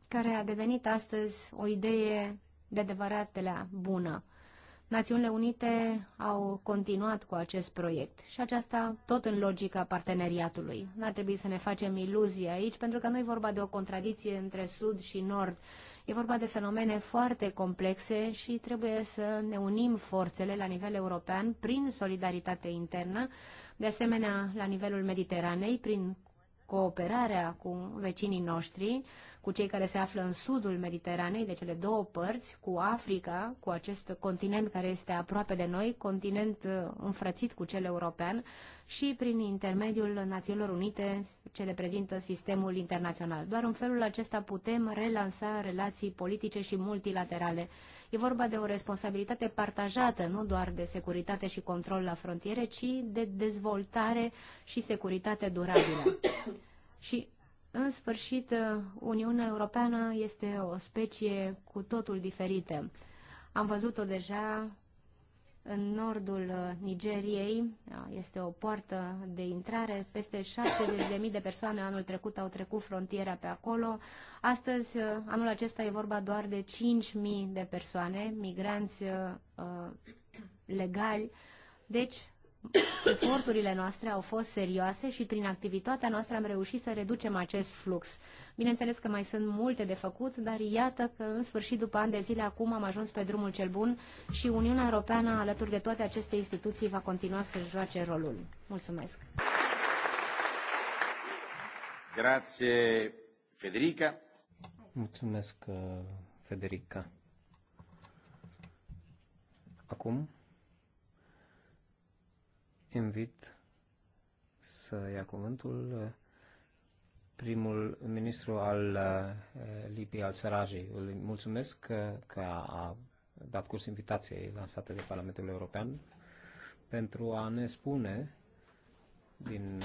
care a devenit astăzi o idee de de la bună. Națiunile Unite au continuat cu acest proiect și aceasta tot în logica parteneriatului. Nu ar trebui să ne facem iluzie aici, pentru că nu e vorba de o contradicție între Sud și Nord. E vorba de fenomene foarte complexe și trebuie să ne unim forțele la nivel european prin solidaritate internă, de asemenea la nivelul Mediteranei, prin cooperarea cu vecinii noștri, cu cei care se află în sudul Mediteranei, de cele două părți, cu Africa, cu acest continent care este aproape de noi, continent uh, înfrățit cu cel european și prin intermediul Națiunilor Unite ce reprezintă sistemul internațional. Doar în felul acesta putem relansa relații politice și multilaterale. E vorba de o responsabilitate partajată, nu doar de securitate și control la frontiere, ci de dezvoltare și securitate durabilă. și în sfârșit, Uniunea Europeană este o specie cu totul diferită. Am văzut-o deja în nordul Nigeriei, este o poartă de intrare, peste 70.000 de persoane anul trecut au trecut frontiera pe acolo. Astăzi, anul acesta e vorba doar de 5.000 de persoane, migranți uh, legali. Deci, eforturile noastre au fost serioase și prin activitatea noastră am reușit să reducem acest flux. Bineînțeles că mai sunt multe de făcut, dar iată că în sfârșit după ani de zile acum am ajuns pe drumul cel bun și Uniunea Europeană alături de toate aceste instituții va continua să joace rolul. Mulțumesc! Grazie, Federica. Mulțumesc, Federica. Acum invit să ia cuvântul primul ministru al uh, Libiei, al Sarajei. Îl mulțumesc că, că a dat curs invitației lansate de Parlamentul European pentru a ne spune din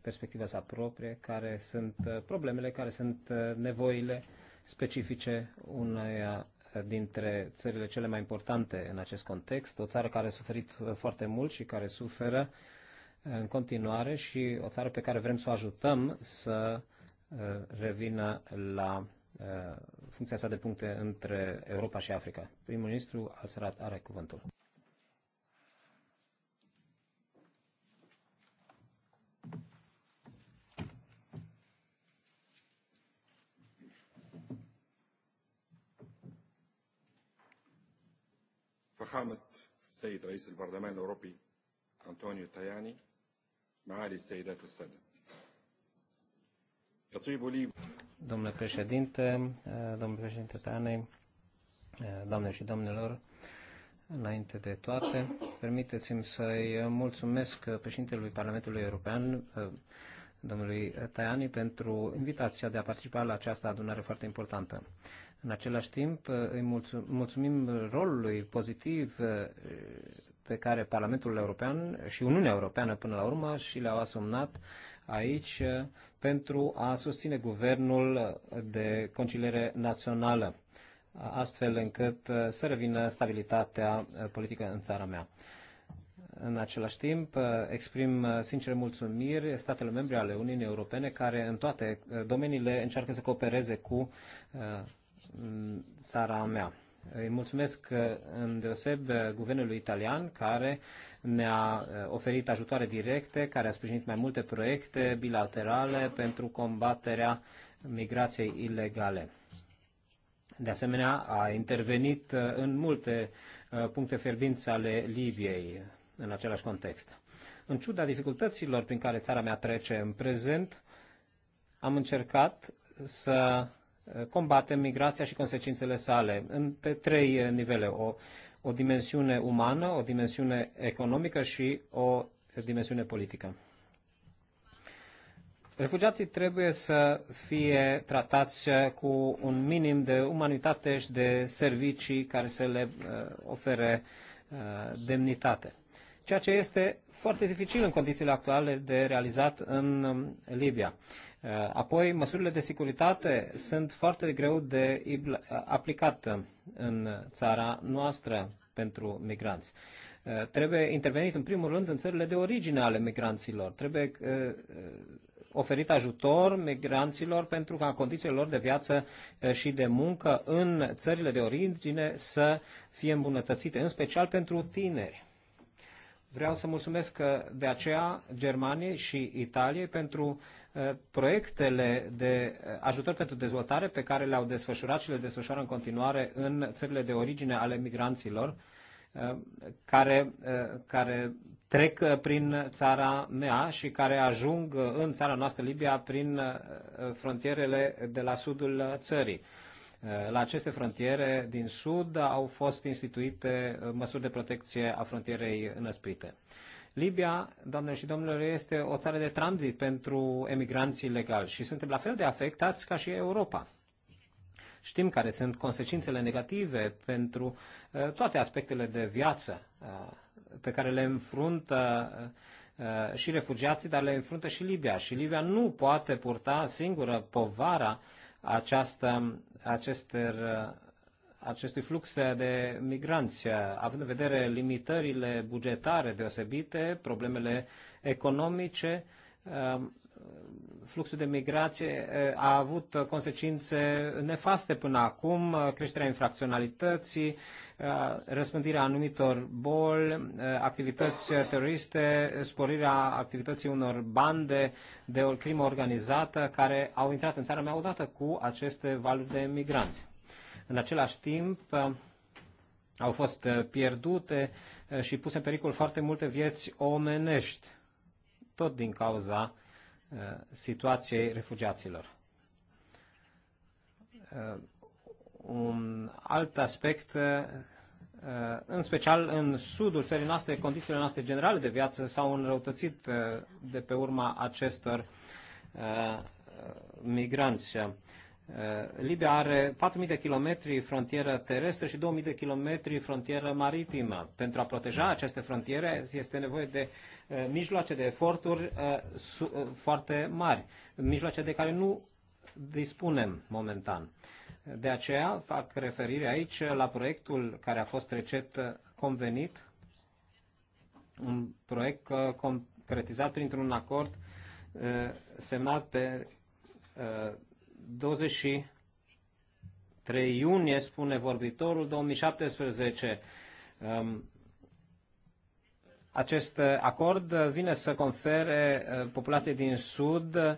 perspectiva sa proprie care sunt uh, problemele, care sunt uh, nevoile specifice uneia dintre țările cele mai importante în acest context, o țară care a suferit uh, foarte mult și care suferă uh, în continuare și o țară pe care vrem să o ajutăm să uh, revină la funcția sa de puncte între Europa și Africa. Primul ministru Al Asrat are cuvântul. فخامة السيد رئيس البرلمان الأوروبي أنطونيو تاياني معالي السيدات والسادة يطيب لي Domnule președinte, domnule președinte Tanei, doamne și domnilor, înainte de toate, permiteți-mi să-i mulțumesc președintelui Parlamentului European, domnului Tajani, pentru invitația de a participa la această adunare foarte importantă. În același timp, uh, îi mulțumim rolului pozitiv uh, pe care Parlamentul European și Uniunea Europeană până la urmă și le-au asumat aici uh, pentru a susține guvernul de conciliere națională, astfel încât să revină stabilitatea politică în țara mea. În același timp, exprim sincere mulțumiri statele membre ale Uniunii Europene care în toate domeniile încearcă să coopereze cu țara mea. Îi mulțumesc uh, îndeoseb uh, guvernului italian care ne-a uh, oferit ajutoare directe, care a sprijinit mai multe proiecte bilaterale pentru combaterea migrației ilegale. De asemenea, a intervenit în multe puncte fierbinți ale Libiei în același context. În ciuda dificultăților prin care țara mea trece în prezent, am încercat să combatem migrația și consecințele sale în, pe trei eh, nivele. O, o dimensiune umană, o dimensiune economică și o dimensiune politică. Refugiații trebuie să fie tratați eh, cu un minim de umanitate și de servicii care să le eh, ofere demnitate. Ceea ce este foarte dificil în condițiile actuale de realizat în mm, Libia. Uh, apoi, măsurile de securitate sunt foarte greu de uh, aplicat în țara noastră pentru migranți. Uh, trebuie intervenit în primul rând în țările de origine ale migranților. Trebuie oferit ajutor migranților pentru ca condițiile lor de viață și de muncă în țările de origine să fie îmbunătățite, în special pentru tineri. Vreau să mulțumesc de aceea Germaniei și Italiei pentru uh, Eh, proiectele de eh, ajutor pentru dezvoltare pe care le-au desfășurat și le desfășoară în continuare în țările de origine ale migranților eh, care, care trec prin țara mea și care ajung în țara noastră Libia prin frontierele de la sudul țării. La aceste frontiere din sud au fost instituite măsuri de protecție a frontierei înăsprite. Libia, doamne și domnilor, este o țară de tranzit pentru emigranți ilegali și suntem la fel de afectați ca și Europa. Știm care sunt consecințele negative pentru uh, toate aspectele de viață uh, pe care le înfruntă uh, și refugiații, dar le înfruntă și Libia. Și Libia nu poate purta singură povara această, acestor acestui flux de migranți, având în vedere limitările bugetare deosebite, problemele economice, um, fluxul de migrație uh, a avut consecințe nefaste până acum, uh, creșterea infracționalității, uh, răspândirea anumitor boli, activități teroriste, sporirea activității unor bande de crimă organizată care au intrat în țara mea odată cu aceste valuri de migranți. În același timp, uh, au fost uh, pierdute uh, și puse în pericol foarte multe vieți omenești, tot din cauza situației refugiaților. Un alt aspect, în special în sudul țării noastre, condițiile noastre generale de viață s-au înrăutățit de pe urma acestor migranți. Uh, Libia are 4.000 de kilometri frontieră terestră și 2.000 de kilometri frontieră maritimă. Pentru a proteja aceste frontiere este nevoie de uh, mijloace de eforturi uh, foarte mari, mijloace de care nu dispunem momentan. De aceea fac referire aici la proiectul care a fost recet convenit, un proiect concretizat printr-un acord semnat pe 23 iunie, spune vorbitorul, 2017. Um, acest acord vine să confere uh, populației din Sud uh,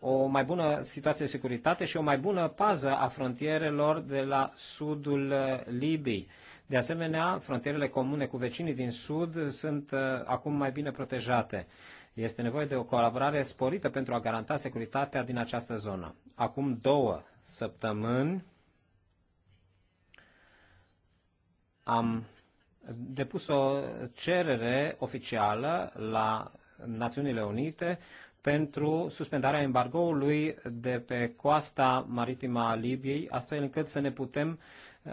o mai bună situație de securitate și o mai bună pază a frontierelor de la sudul uh, Libiei. De asemenea, frontierele comune cu vecinii din sud sunt acum mai bine protejate. Este nevoie de o colaborare sporită pentru a garanta securitatea din această zonă. Acum două săptămâni am depus o cerere oficială la Națiunile Unite pentru suspendarea embargoului de pe coasta maritimă a Libiei, astfel încât să ne putem uh,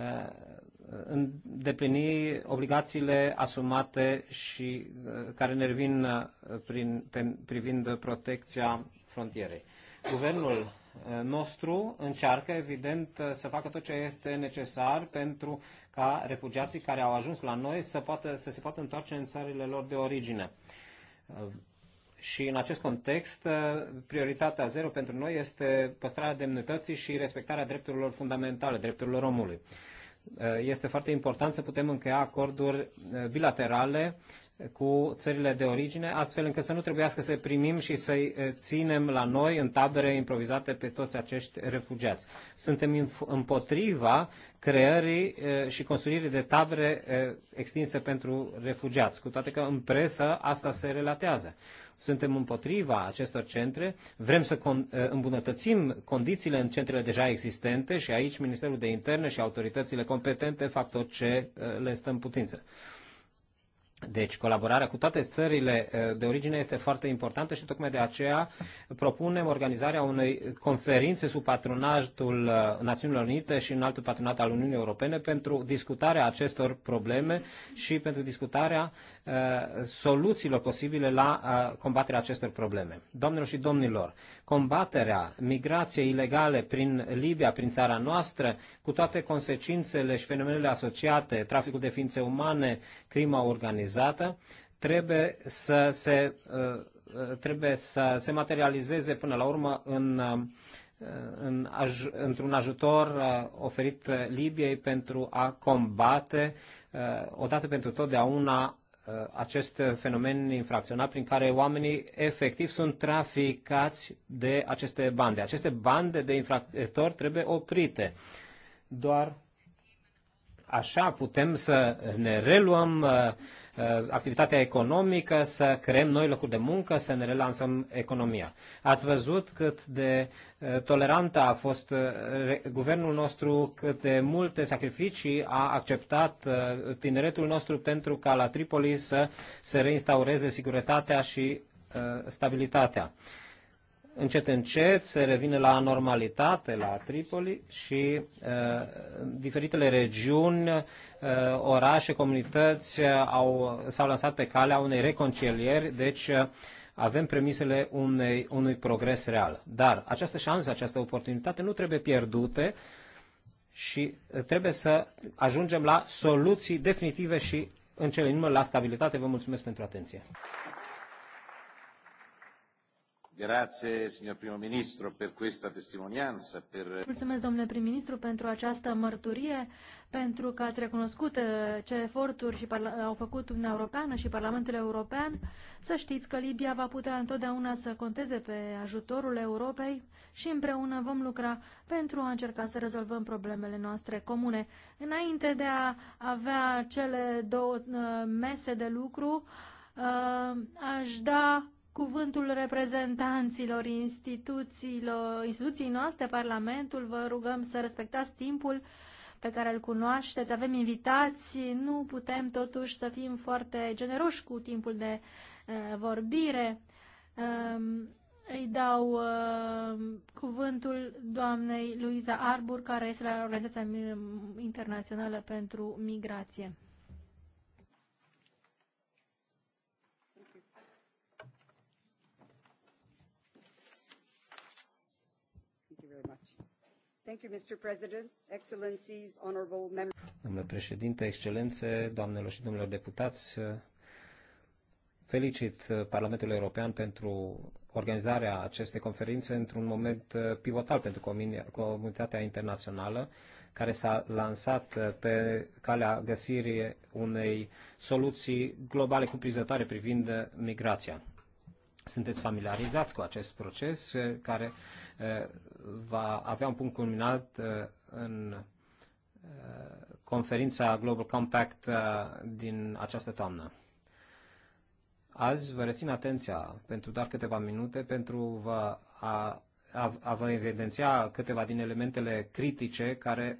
îndeplini obligațiile asumate și uh, care ne revin uh, prin, privind protecția frontierei. Guvernul uh, nostru încearcă, evident, să facă tot ce este necesar pentru ca refugiații care au ajuns la noi să, poată, să se poată întoarce în țările lor de origine. Și în acest context, prioritatea zero pentru noi este păstrarea demnității și respectarea drepturilor fundamentale, drepturilor omului este foarte important să putem încheia acorduri eh, bilaterale cu țările de origine, astfel încât să nu trebuiască să primim și să-i eh, ținem la noi în tabere improvizate pe toți acești refugiați. Suntem împotriva creării eh, și construirii de tabere eh, extinse pentru refugiați, cu toate că în presă asta se relatează. Suntem împotriva acestor centre, vrem să îmbunătățim condițiile în centrele deja existente și aici Ministerul de Interne și autoritățile competente fac tot ce le stă în putință. Deci colaborarea cu toate țările eh, de origine este foarte importantă și tocmai de aceea propunem organizarea unei conferințe sub patronajul eh, Națiunilor Unite și în altul patronat al Uniunii Europene pentru discutarea acestor probleme și pentru discutarea eh, soluțiilor posibile la combaterea acestor probleme. Doamnelor și domnilor, combaterea migrației ilegale prin Libia, prin țara noastră, cu toate consecințele și fenomenele asociate, traficul de ființe umane, crima organizată, organizată trebuie să se, uh, uh, trebuie să se materializeze până la urmă în, uh, în într-un ajutor oferit Libiei pentru a combate odată pentru totdeauna acest fenomen infracțional prin care oamenii efectiv sunt traficați de aceste bande. Aceste bande de infractori trebuie oprite. Doar așa putem să ne reluăm uh, Uh, activitatea economică, să creăm noi locuri de muncă, să ne relansăm economia. Ați văzut cât de uh, tolerantă a fost uh, guvernul nostru, cât de multe sacrificii a acceptat tineretul nostru pentru ca la Tripoli să se reinstaureze securitatea și stabilitatea încet încet se revine la normalitate la Tripoli și uh, diferitele regiuni, uh, orașe, comunități au, s-au lansat pe calea unei reconcilieri, deci uh, avem premisele unei, unui progres real. Dar această șansă, această oportunitate nu trebuie pierdute și trebuie să ajungem la soluții definitive și în cele din urmă la stabilitate. Vă mulțumesc pentru atenție. Grazie, signor primo ministro, per questa testimonianza. Per... Mulțumesc, domnule prim-ministru, pentru această mărturie, pentru că ați recunoscut uh, ce eforturi și au făcut Uniunea Europeană și Parlamentul European. Să știți că Libia va putea întotdeauna să conteze pe ajutorul Europei și împreună vom lucra pentru a încerca să rezolvăm problemele noastre comune. Înainte de a avea cele două uh, mese de lucru, uh, aș da cuvântul reprezentanților instituțiilor, instituției noastre, Parlamentul, vă rugăm să respectați timpul pe care îl cunoașteți, avem invitații, nu putem totuși să fim foarte generoși cu timpul de uh, vorbire. Uh, îi dau uh, cuvântul doamnei Luiza Arbur, care este la Organizația Internațională pentru Migrație. Domnule președinte, excelențe, doamnelor și domnilor deputați, felicit Parlamentul European pentru organizarea acestei conferințe într-un moment pivotal pentru comunitatea internațională, care s-a lansat pe calea găsirii unei soluții globale cuprinzătoare privind migrația. Sunteți familiarizați cu acest proces eh, care eh, va avea un punct culminat eh, în conferința Global Compact din această toamnă. Azi vă rețin atenția pentru doar câteva minute pentru vă a, a, a vă evidenția câteva din elementele critice care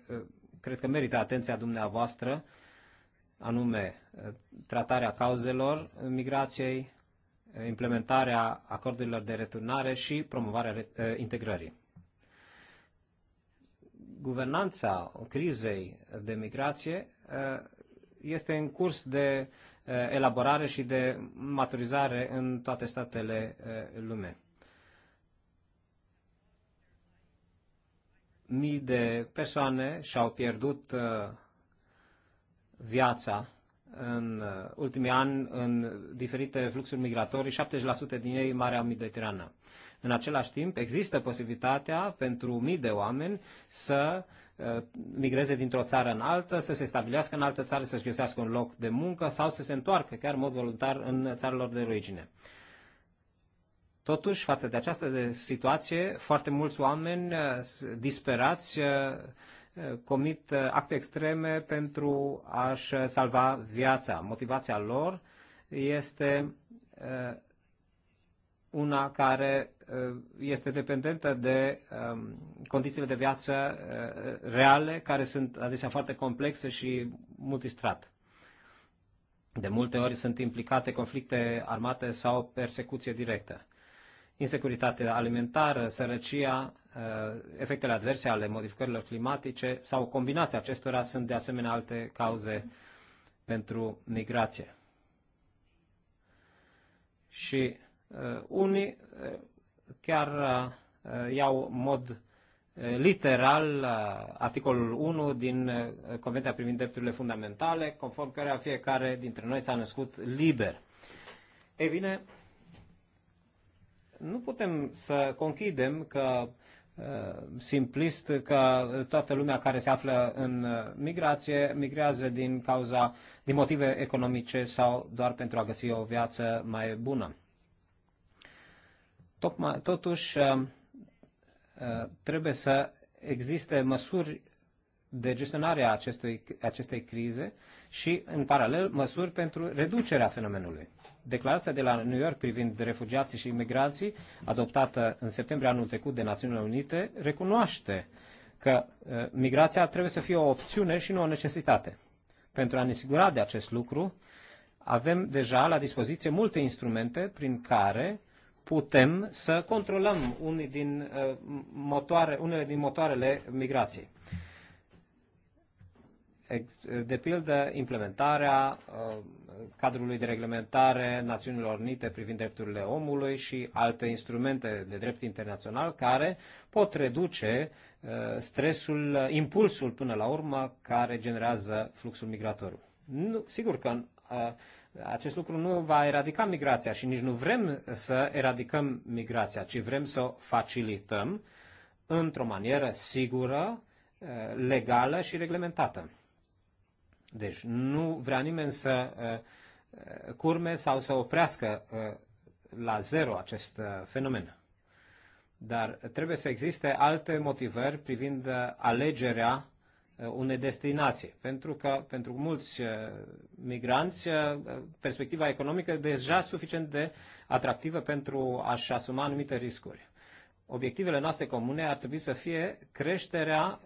cred că merită atenția dumneavoastră, anume tratarea cauzelor migrației, implementarea acordurilor de returnare și promovarea eh, integrării. Guvernanța crizei de migrație eh, este în curs de eh, elaborare și de maturizare în toate statele lume. Mii de persoane și-au pierdut viața în uh, ultimii ani în diferite fluxuri migratorii, 70% din ei în Marea Mediterană. În același timp, există posibilitatea pentru mii de oameni să uh, migreze dintr-o țară în altă, să se stabilească în altă țară, să-și găsească un loc de muncă sau să se întoarcă chiar în mod voluntar în lor de origine. Totuși, față de această situație, foarte mulți oameni uh, disperați comit uh, acte extreme pentru a-și salva viața. Motivația lor este uh, una care uh, este dependentă de um, condițiile de viață reale, care sunt adesea foarte complexe și multistrat. De multe ori sunt implicate conflicte armate sau persecuție directă insecuritatea alimentară, sărăcia, eh, efectele adverse ale modificărilor climatice sau combinația acestora sunt de asemenea alte cauze pentru migrație. Și uh, unii uh, chiar uh, iau mod uh, literal uh, articolul 1 din uh, Convenția privind drepturile fundamentale, conform cărea fiecare dintre noi s-a născut liber. Ei bine, nu putem să conchidem că uh, simplist că toată lumea care se află în uh, migrație migrează din cauza din motive economice sau doar pentru a găsi o viață mai bună. totuși uh, trebuie să existe măsuri de gestionare a acestui, acestei crize și, în paralel, măsuri pentru reducerea fenomenului. Declarația de la New York privind refugiații și imigrații, adoptată în septembrie anul trecut de Națiunile Unite, recunoaște că uh, migrația trebuie să fie o opțiune și nu o necesitate. Pentru a ne asigura de acest lucru, avem deja la dispoziție multe instrumente prin care putem să controlăm unii din, uh, motoare, unele din motoarele migrației de pildă implementarea uh, cadrului de reglementare Națiunilor Unite privind drepturile omului și alte instrumente de drept internațional care pot reduce uh, stresul, impulsul până la urmă care generează fluxul migratoriu. Nu, sigur că uh, acest lucru nu va eradica migrația și nici nu vrem să eradicăm migrația, ci vrem să o facilităm într-o manieră sigură, legală și reglementată. Deci nu vrea nimeni să uh, uh, curme sau să oprească uh, la zero acest fenomen. Dar trebuie să existe alte motivări privind alegerea unei destinații, pentru că pentru mulți migranți perspectiva economică e deja suficient de atractivă pentru a-și asuma anumite riscuri. Obiectivele noastre comune ar trebui să fie creșterea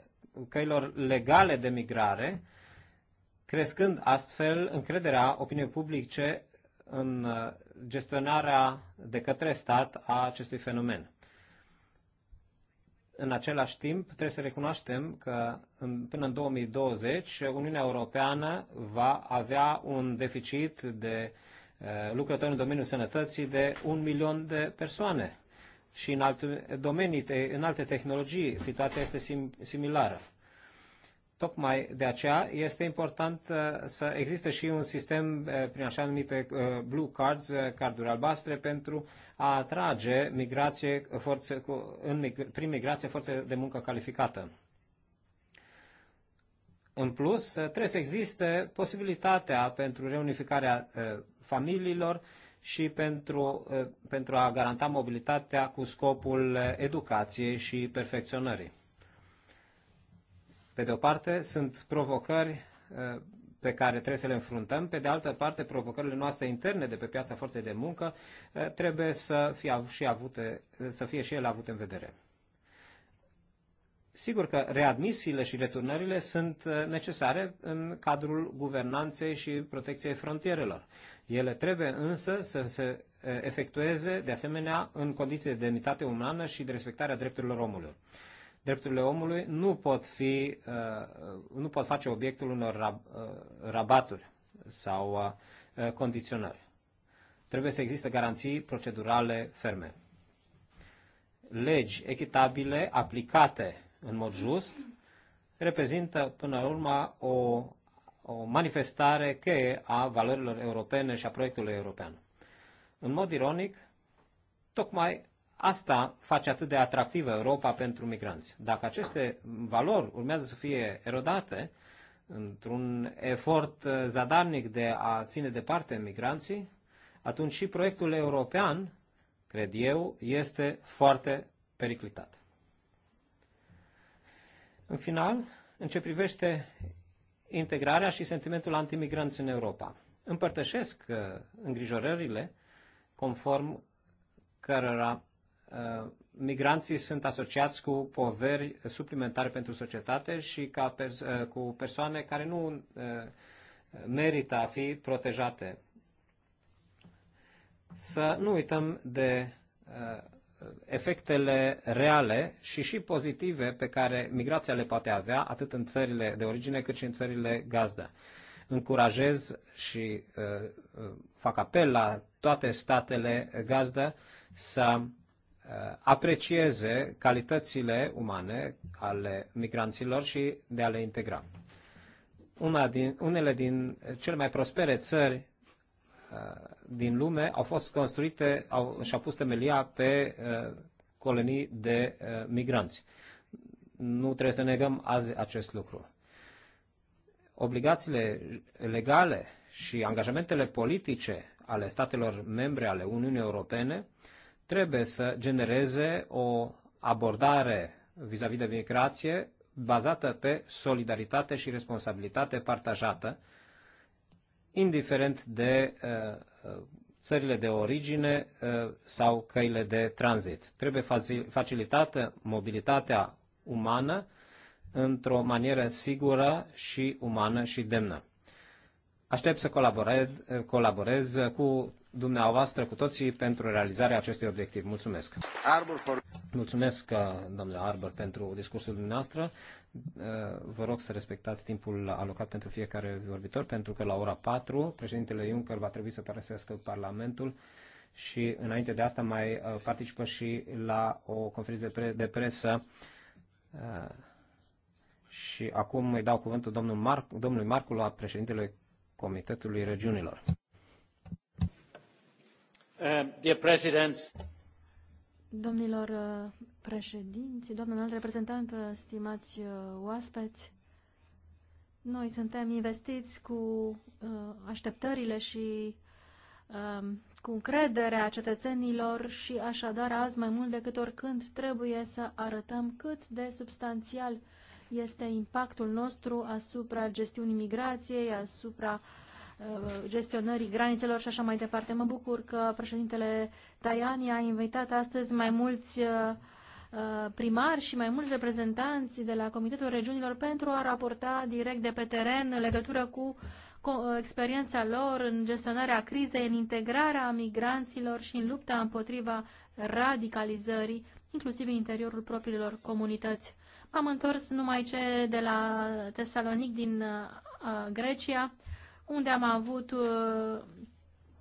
căilor legale de migrare, crescând astfel încrederea opiniei publice în uh, gestionarea de către stat a acestui fenomen. În același timp, trebuie să recunoaștem că în, până în 2020 Uniunea Europeană va avea un deficit de uh, lucrători în domeniul sănătății de un milion de persoane. Și în alte domenii, în alte tehnologii, situația este sim, similară. Tocmai de aceea este important uh, să existe și un sistem uh, prin așa numite uh, blue cards, carduri albastre, pentru a atrage migrație, forțe, în, prin migrație forțe de muncă calificată. În plus, trebuie să existe posibilitatea pentru reunificarea familiilor și pentru, pentru a garanta mobilitatea cu scopul educației și perfecționării. Pe de o parte, sunt provocări uh, pe care trebuie să le înfruntăm, pe de altă parte, provocările noastre interne de pe piața forței de muncă uh, trebuie să fie, și avute, uh, să fie și ele avute în vedere. Sigur că readmisiile și returnările sunt necesare în cadrul guvernanței și protecției frontierelor. Ele trebuie însă să se efectueze, de asemenea, în condiții de demnitate umană și de respectarea drepturilor omului drepturile omului nu pot, fi, uh, nu pot face obiectul unor uh, rabaturi sau uh, condiționări. Trebuie să existe garanții procedurale ferme. Legi echitabile aplicate în mod just reprezintă până la urmă o, o manifestare cheie a valorilor europene și a proiectului european. În mod ironic, tocmai Asta face atât de atractivă Europa pentru migranți. Dacă aceste valori urmează să fie erodate într-un efort zadarnic de a ține departe migranții, atunci și proiectul european, cred eu, este foarte periclitat. În final, în ce privește integrarea și sentimentul antimigranți în Europa, împărtășesc uh, îngrijorările conform cărora Uh, migranții sunt asociați cu poveri suplimentare pentru societate și ca pers uh, cu persoane care nu uh, merită a fi protejate. Să nu uităm de efectele reale și și pozitive pe care migrația le poate avea atât în țările de origine cât și în țările gazdă. Încurajez și uh, fac apel la toate statele gazdă să uh, Uh, aprecieze calitățile umane ale migranților și de a le integra. Una din, unele din cele mai prospere țări uh, din lume au fost construite au, și a pus temelia pe uh, colonii de migranți. Nu trebuie să negăm azi acest lucru. Obligațiile legale și angajamentele politice ale statelor membre ale Uniunii Europene uh, trebuie să genereze o abordare vis-a-vis -vis de migrație bazată pe solidaritate și responsabilitate partajată, indiferent de uh, uh, țările de origine uh, sau căile de tranzit. Trebuie facilitată mobilitatea umană într-o manieră sigură și umană și demnă. Aștept să colaborez, colaborez cu dumneavoastră cu toții pentru realizarea acestui obiectiv. Mulțumesc! Arbor for... Mulțumesc, uh, domnule Arbor, pentru discursul dumneavoastră. Uh, vă rog să respectați timpul alocat pentru fiecare vorbitor, pentru că la ora 4 președintele Juncker va trebui să părăsească Parlamentul și înainte de asta mai uh, participă și la o conferință de, pre- de presă. Și acum îi dau cuvântul domnului Mar- domnului Marcu la președintele Comitetului Regiunilor. Uh, Domnilor uh, președinți, doamnă înalt reprezentant, uh, stimați oaspeți, noi suntem investiți cu așteptările și um, cu încrederea cetățenilor și așadar azi mai mult decât oricând trebuie să arătăm cât de substanțial este impactul nostru asupra gestiunii migrației, asupra uh, Uh, gestionării granițelor și așa mai departe. Mă bucur că președintele Tajani a invitat astăzi mai mulți uh, uh, primari și mai mulți reprezentanți de la Comitetul Regiunilor pentru a raporta direct de pe teren în legătură cu experiența lor în gestionarea crizei, în integrarea migranților și în lupta împotriva radicalizării, inclusiv în interiorul propriilor comunități. M-am întors numai ce de la Tesalonic din Grecia, unde am avut uh,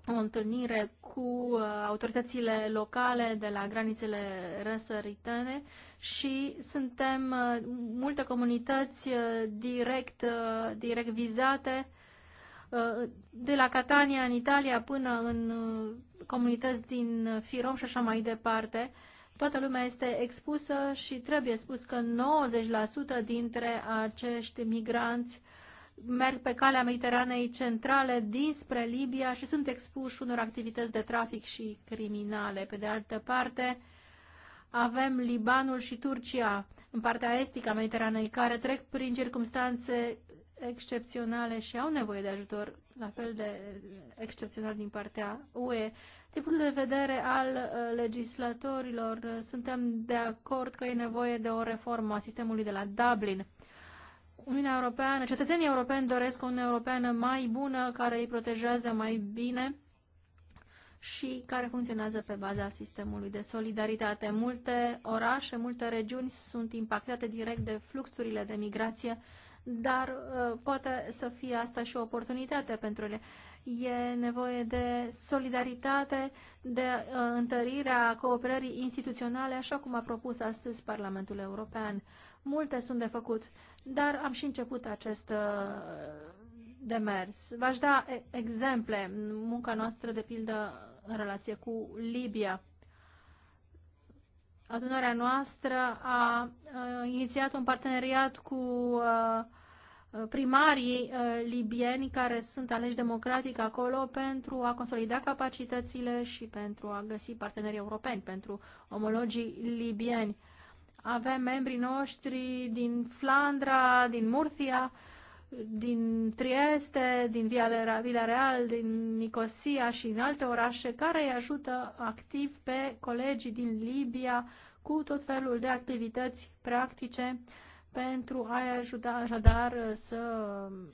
o întâlnire cu uh, autoritățile locale de la granițele răsăritene și suntem uh, multe comunități direct, direct vizate de la Catania în Italia până în comunități din Firom și așa mai departe. Toată lumea este expusă și trebuie spus că 90% dintre acești migranți uh, merg pe calea Mediteranei centrale dinspre Libia și sunt expuși unor activități de trafic și criminale. Pe de altă parte, avem Libanul și Turcia, în partea estică a Mediteranei, care trec prin circunstanțe excepționale și au nevoie de ajutor, la fel de excepțional din partea UE. Din punct de vedere al uh, legislatorilor, uh, suntem de acord că e nevoie de o reformă a sistemului de la Dublin. Uniunea Europeană, cetățenii europeni doresc o Uniune Europeană mai bună, care îi protejează mai bine și care funcționează pe baza sistemului de solidaritate. Multe orașe, multe regiuni sunt impactate direct de fluxurile de migrație, dar uh, poate să fie asta și o oportunitate pentru ele. E nevoie de solidaritate, de uh, întărirea cooperării instituționale, așa cum a propus astăzi Parlamentul European. Multe sunt de făcut, dar am și început acest uh, demers. V-aș da exemple. Munca noastră, de pildă, în relație cu Libia. Adunarea noastră a uh, inițiat un parteneriat cu uh, primarii libieni care sunt aleși democratic acolo pentru a consolida capacitățile și pentru a găsi parteneri europeni pentru omologii libieni. Avem membrii noștri din Flandra, din Murcia, din Trieste, din Vila Real, din Nicosia și în alte orașe care îi ajută activ pe colegii din Libia cu tot felul de activități practice pentru a ajuta așadar să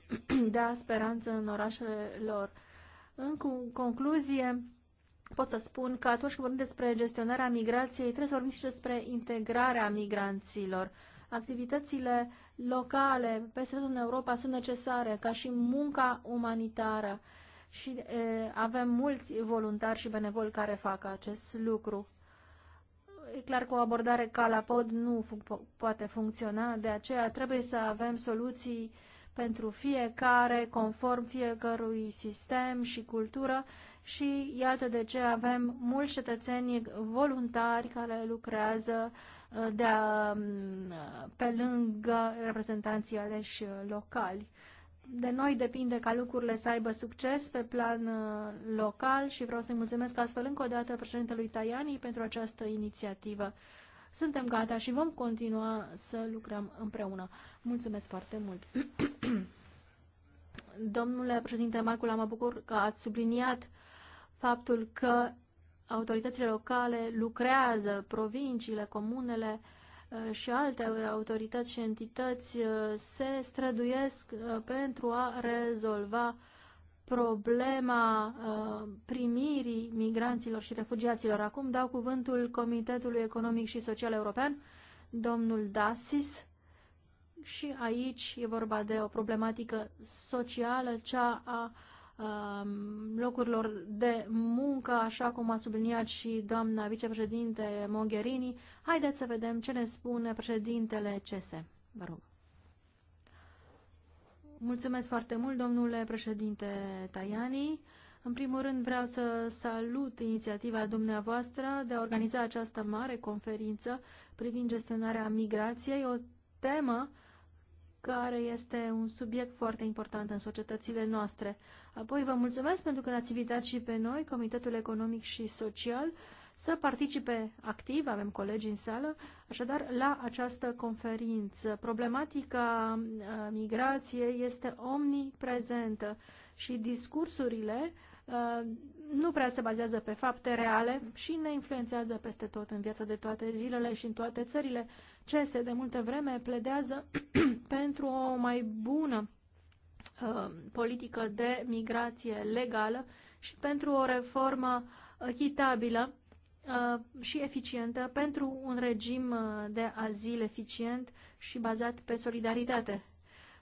dea speranță în orașele lor. În concluzie, pot să spun că atunci când vorbim despre gestionarea migrației, trebuie să vorbim și despre integrarea migranților. Activitățile locale peste tot în Europa sunt necesare, ca și munca umanitară. Și e, avem mulți voluntari și benevoli care fac acest lucru. E clar că o abordare ca la pod nu fun- poate funcționa, de aceea trebuie să avem soluții pentru fiecare, conform fiecărui sistem și cultură și iată de ce avem mulți cetățeni voluntari care lucrează uh, de a, mm, pe lângă reprezentanții aleși uh, locali. De noi depinde ca lucrurile să aibă succes pe plan uh, local și vreau să-i mulțumesc astfel încă o dată președintelui Tajani pentru această inițiativă. Suntem gata și vom continua să lucrăm împreună. Mulțumesc foarte mult! Domnule președinte Marcula, mă bucur că ați subliniat faptul că autoritățile locale lucrează, provinciile, comunele uh, și alte autorități și entități uh, se străduiesc uh, pentru a rezolva problema primirii migranților și refugiaților. Acum dau cuvântul Comitetului Economic și Social European, domnul Dasis, și aici e vorba de o problematică socială, cea a uh, Um, locurilor de muncă, așa cum a subliniat și doamna vicepreședinte Mogherini. Haideți să vedem ce ne spune președintele CESE. Vă rog. Mulțumesc foarte mult, domnule președinte Tajani. În primul rând vreau să salut inițiativa dumneavoastră de a organiza această mare conferință privind gestionarea migrației, o temă uh, care este un subiect foarte important în societățile noastre. Apoi vă mulțumesc pentru că ne-ați invitat și pe noi, Comitetul Economic și Social, să participe activ, avem colegi în sală, așadar, la această conferință. Problematica uh, migrației este omniprezentă și discursurile uh, nu prea se bazează pe fapte reale și ne influențează peste tot în viața de toate zilele și în toate țările. CESE de multe vreme pledează pentru o mai bună uh, politică de migrație legală și pentru o reformă echitabilă uh, și eficientă, pentru un regim uh, de azil eficient și bazat pe solidaritate.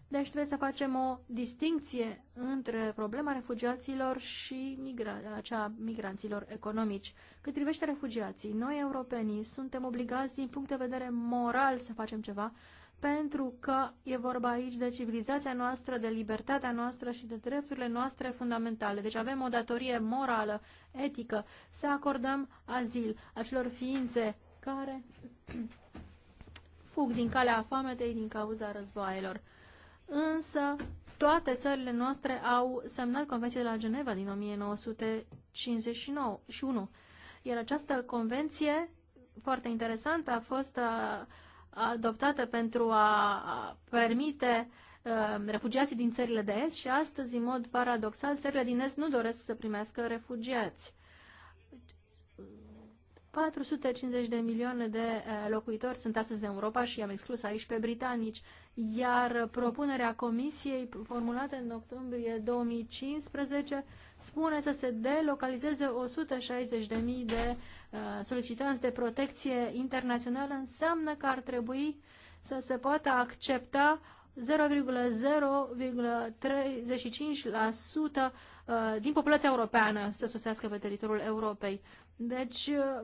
Deci trebuie să facem o distinție între problema refugiaților și migra- acea migranților economici. Cât privește refugiații, noi europenii suntem obligați din punct de vedere moral să facem ceva pentru că e vorba aici de civilizația noastră, de libertatea noastră și de drepturile noastre fundamentale. Deci avem o datorie morală, etică, să acordăm azil acelor ființe care fug din calea foametei din cauza războaielor însă toate țările noastre au semnat Convenția de la Geneva din 1951. Iar această convenție, foarte interesantă, a fost uh, adoptată pentru a permite uh, refugiații din țările de est și astăzi, în mod paradoxal, țările din est nu doresc să primească refugiați. 450 de milioane de uh, locuitori sunt astăzi în Europa și am exclus aici pe britanici iar propunerea comisiei formulată în octombrie 2015 spune să se delocalizeze 160.000 de uh, solicitanți de protecție internațională, înseamnă că ar trebui să se poată accepta 0,0,35% uh, din populația europeană să sosească pe teritoriul Europei. Deci uh,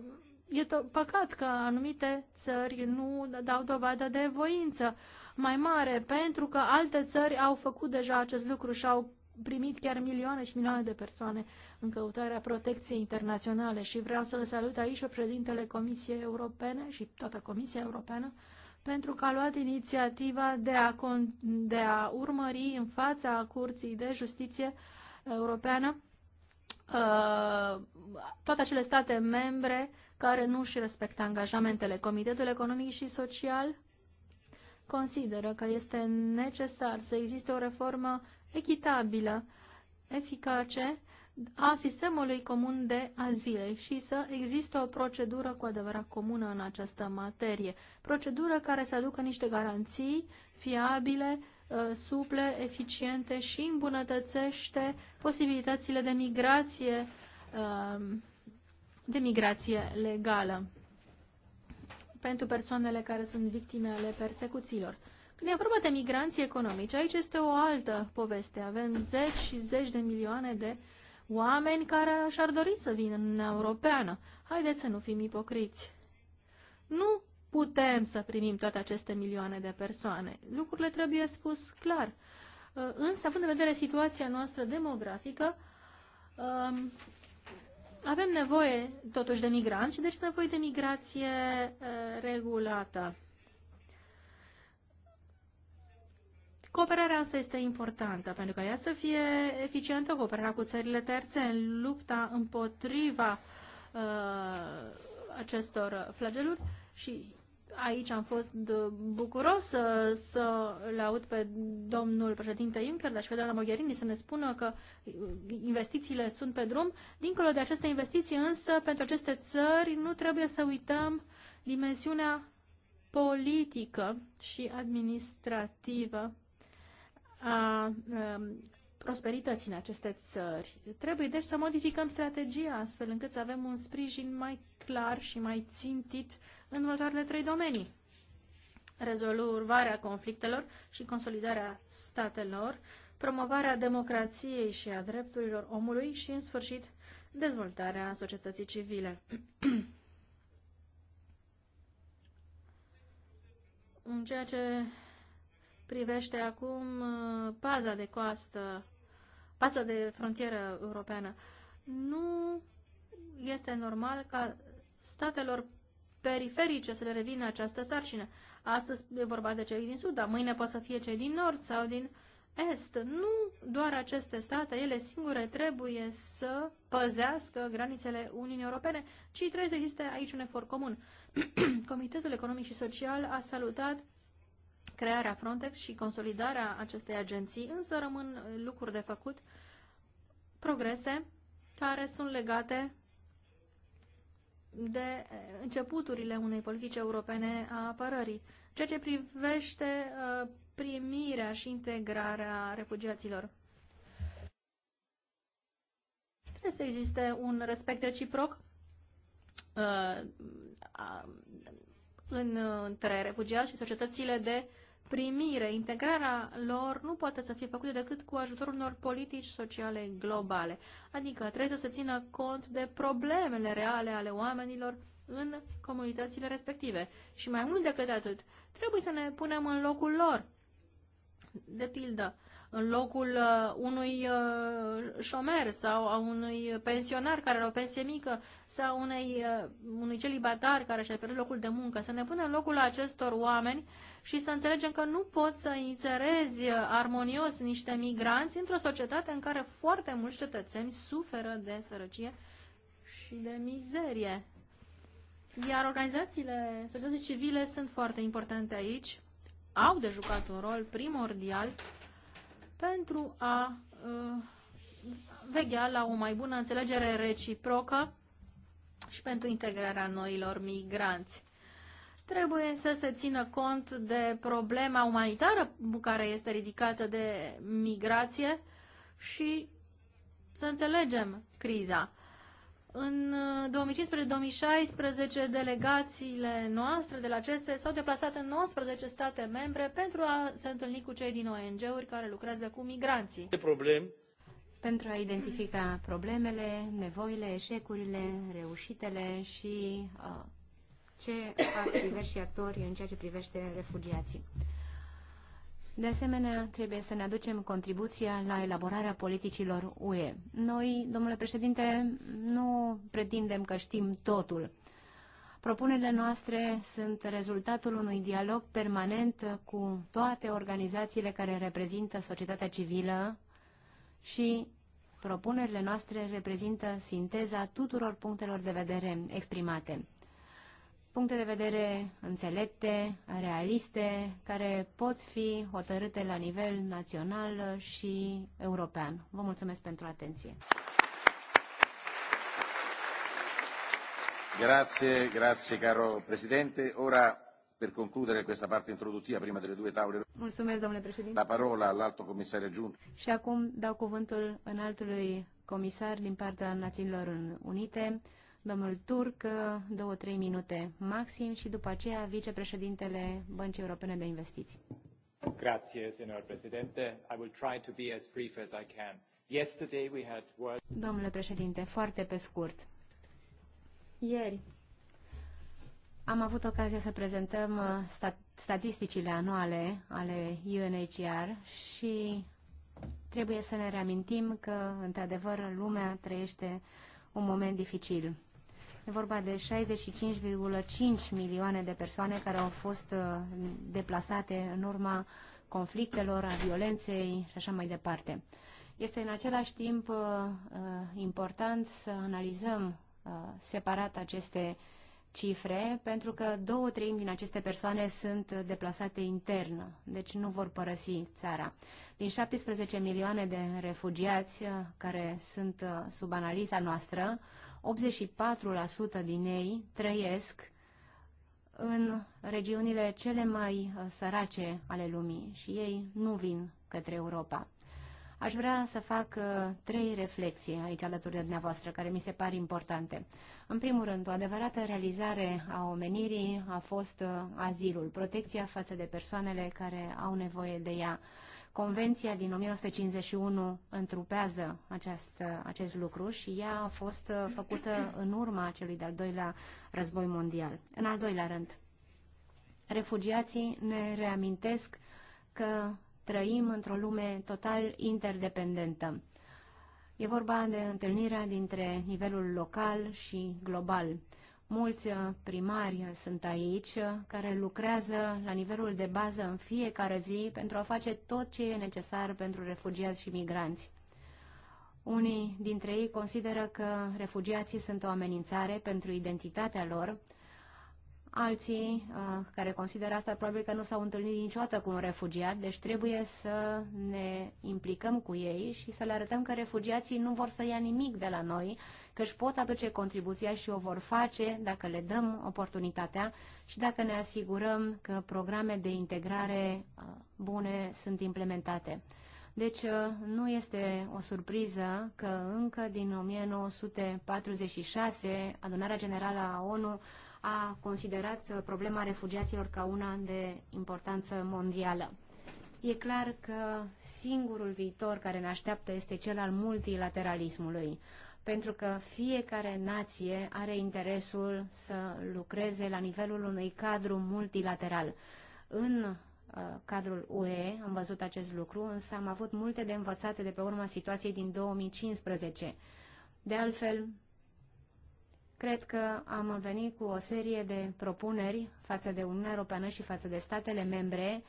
e păcat că anumite țări nu dau dovadă de voință mai mare, pentru că alte țări au făcut deja acest lucru și au primit chiar milioane și milioane de persoane în căutarea protecției internaționale și vreau să le salut aici pe președintele Comisiei Europene și toată Comisia Europeană pentru că a luat inițiativa de a, de a urmări în fața Curții de Justiție Europeană Uh, toate acele state membre care nu își respectă angajamentele. Comitetul Economic și Social consideră că este necesar să existe o reformă echitabilă, eficace a sistemului comun de azile și să existe o procedură cu adevărat comună în această materie. Procedură care să aducă niște garanții fiabile Uh, suple, eficiente și îmbunătățește posibilitățile de migrație, um, de migrație legală pentru persoanele care sunt victime ale persecuțiilor. Când e vorba de migranții economici, aici este o altă poveste. Avem zeci și zeci de milioane de oameni care și-ar dori să vină în Europeană. Haideți să nu fim ipocriți. Nu putem să primim toate aceste milioane de persoane. Lucrurile trebuie spus clar. Uh, însă, având în vedere situația noastră demografică, um, avem nevoie totuși de migranți și deci nevoie de migrație uh, regulată. Cooperarea asta este importantă, pentru că ea să fie eficientă, cooperarea cu țările terțe în lupta împotriva uh, acestor flageluri și aici am fost uh, bucuros să, să le aud pe domnul președinte Juncker, dar și pe doamna Mogherini să ne spună că uh, investițiile sunt pe drum. Dincolo de aceste investiții, însă, pentru aceste țări nu trebuie să uităm dimensiunea politică și administrativă a um, prosperității în aceste țări. Trebuie deci să modificăm strategia astfel încât să avem un sprijin mai clar și mai țintit în următoarele trei domenii. Rezolvarea conflictelor și consolidarea statelor, promovarea democrației și a drepturilor omului și, în sfârșit, dezvoltarea societății civile. în ceea ce privește acum uh, paza de coastă, paza de frontieră europeană, nu este normal ca statelor periferice să le revină această sarcină. Astăzi e vorba de cei din sud, dar mâine pot să fie cei din nord sau din est. Nu doar aceste state, ele singure trebuie să păzească granițele Uniunii Europene, ci trebuie să existe aici un efort comun. Comitetul Economic și Social a salutat crearea Frontex și consolidarea acestei agenții, însă rămân lucruri de făcut, progrese care sunt legate de începuturile unei politici europene a apărării, ceea ce privește uh, primirea și integrarea refugiaților. Trebuie să existe un respect reciproc uh, între refugiați și societățile de primire, integrarea lor nu poate să fie făcută decât cu ajutorul unor politici sociale globale. Adică trebuie să se țină cont de problemele reale ale oamenilor în comunitățile respective. Și mai mult decât atât, trebuie să ne punem în locul lor. De pildă, uh, în locul uh, unui uh, șomer sau a unui pensionar care are o pensie mică sau unei, uh, unui celibatar care și-a pierdut locul de muncă, să ne punem în locul acestor oameni și să înțelegem că nu poți să inserezi armonios niște migranți într-o societate în care foarte mulți cetățeni suferă de sărăcie și de mizerie. Iar organizațiile societății civile sunt foarte importante aici, au de jucat un rol primordial pentru a uh, veghea la o mai bună înțelegere reciprocă și pentru integrarea noilor migranți. Trebuie să se țină cont de problema umanitară care este ridicată de migrație și să înțelegem criza. În 2015-2016, uh, delegațiile noastre de la aceste s-au deplasat în 19 state membre pentru a se întâlni cu cei din ONG-uri care lucrează cu migranții. Problem. Pentru a identifica problemele, nevoile, eșecurile, reușitele și uh, ce fac diversi actori în ceea ce privește refugiații. De asemenea, trebuie să ne aducem contribuția la elaborarea politicilor UE. Noi, domnule președinte, nu pretindem că știm totul. Propunerile noastre sunt rezultatul unui dialog permanent cu toate organizațiile care reprezintă societatea civilă și propunerile noastre reprezintă sinteza tuturor punctelor de vedere exprimate puncte de vedere înțelepte, realiste, care pot fi hotărâte la nivel național și european. Vă mulțumesc pentru atenție. Grazie, grazie caro Presidente. Ora, per concludere questa parte introduttiva, prima delle due tavole, Mulțumesc, domnule președinte. la parola all'alto commissario aggiunto. Și acum dau cuvântul altului comisar din partea Națiunilor Unite, domnul Turc, două-trei minute maxim și după aceea vicepreședintele Băncii Europene de Investiții. Grazie, senor președinte. I will try to be as brief as I can. Yesterday we had world... Domnule președinte, foarte pe scurt. Ieri am avut ocazia să prezentăm uh, stat statisticile anuale ale UNHCR și trebuie să ne reamintim că, într-adevăr, lumea trăiește un moment dificil. E vorba de 65,5 milioane de persoane care au fost uh, deplasate în urma conflictelor, a violenței și așa mai departe. Este în același timp uh, uh, important să analizăm separat aceste cifre, pentru că două treimi din aceste persoane sunt deplasate intern, deci nu vor părăsi țara. Din 17 milioane de refugiați care sunt sub analiza noastră, 84% din ei trăiesc în regiunile cele mai uh, sărace ale lumii și ei nu vin către Europa. Aș vrea să fac uh, trei reflexii aici alături de dumneavoastră, care mi se par importante. În primul rând, o adevărată realizare a omenirii a fost uh, azilul, protecția față de persoanele care au nevoie de ea. Convenția din 1951 întrupează acest, acest lucru și ea a fost uh, făcută în urma celui de-al doilea război mondial. În al doilea rând, refugiații ne reamintesc că trăim într-o lume total interdependentă. E vorba de întâlnirea dintre nivelul local și global. Mulți uh, primari uh, sunt aici uh, care lucrează la nivelul de bază în fiecare zi pentru a face tot ce e necesar pentru refugiați și migranți. Unii dintre ei consideră că refugiații sunt o amenințare pentru identitatea lor, Alții uh, care consideră asta probabil că nu s-au întâlnit niciodată cu un refugiat, deci trebuie să ne implicăm cu ei și să le arătăm că refugiații nu vor să ia nimic de la noi, că își pot aduce contribuția și o vor face dacă le dăm oportunitatea și dacă ne asigurăm că programe de integrare uh, bune sunt implementate. Deci uh, nu este o surpriză că încă din 1946 Adunarea Generală a ONU a considerat problema refugiaților ca una de importanță mondială. E clar că singurul viitor care ne așteaptă este cel al multilateralismului, pentru că fiecare nație are interesul să lucreze la nivelul unui cadru multilateral. În uh, cadrul UE, am văzut acest lucru, însă am avut multe de învățate de pe urma situației din 2015. De altfel, Cred că am venit cu o serie de propuneri față de Uniunea Europeană și față de statele membre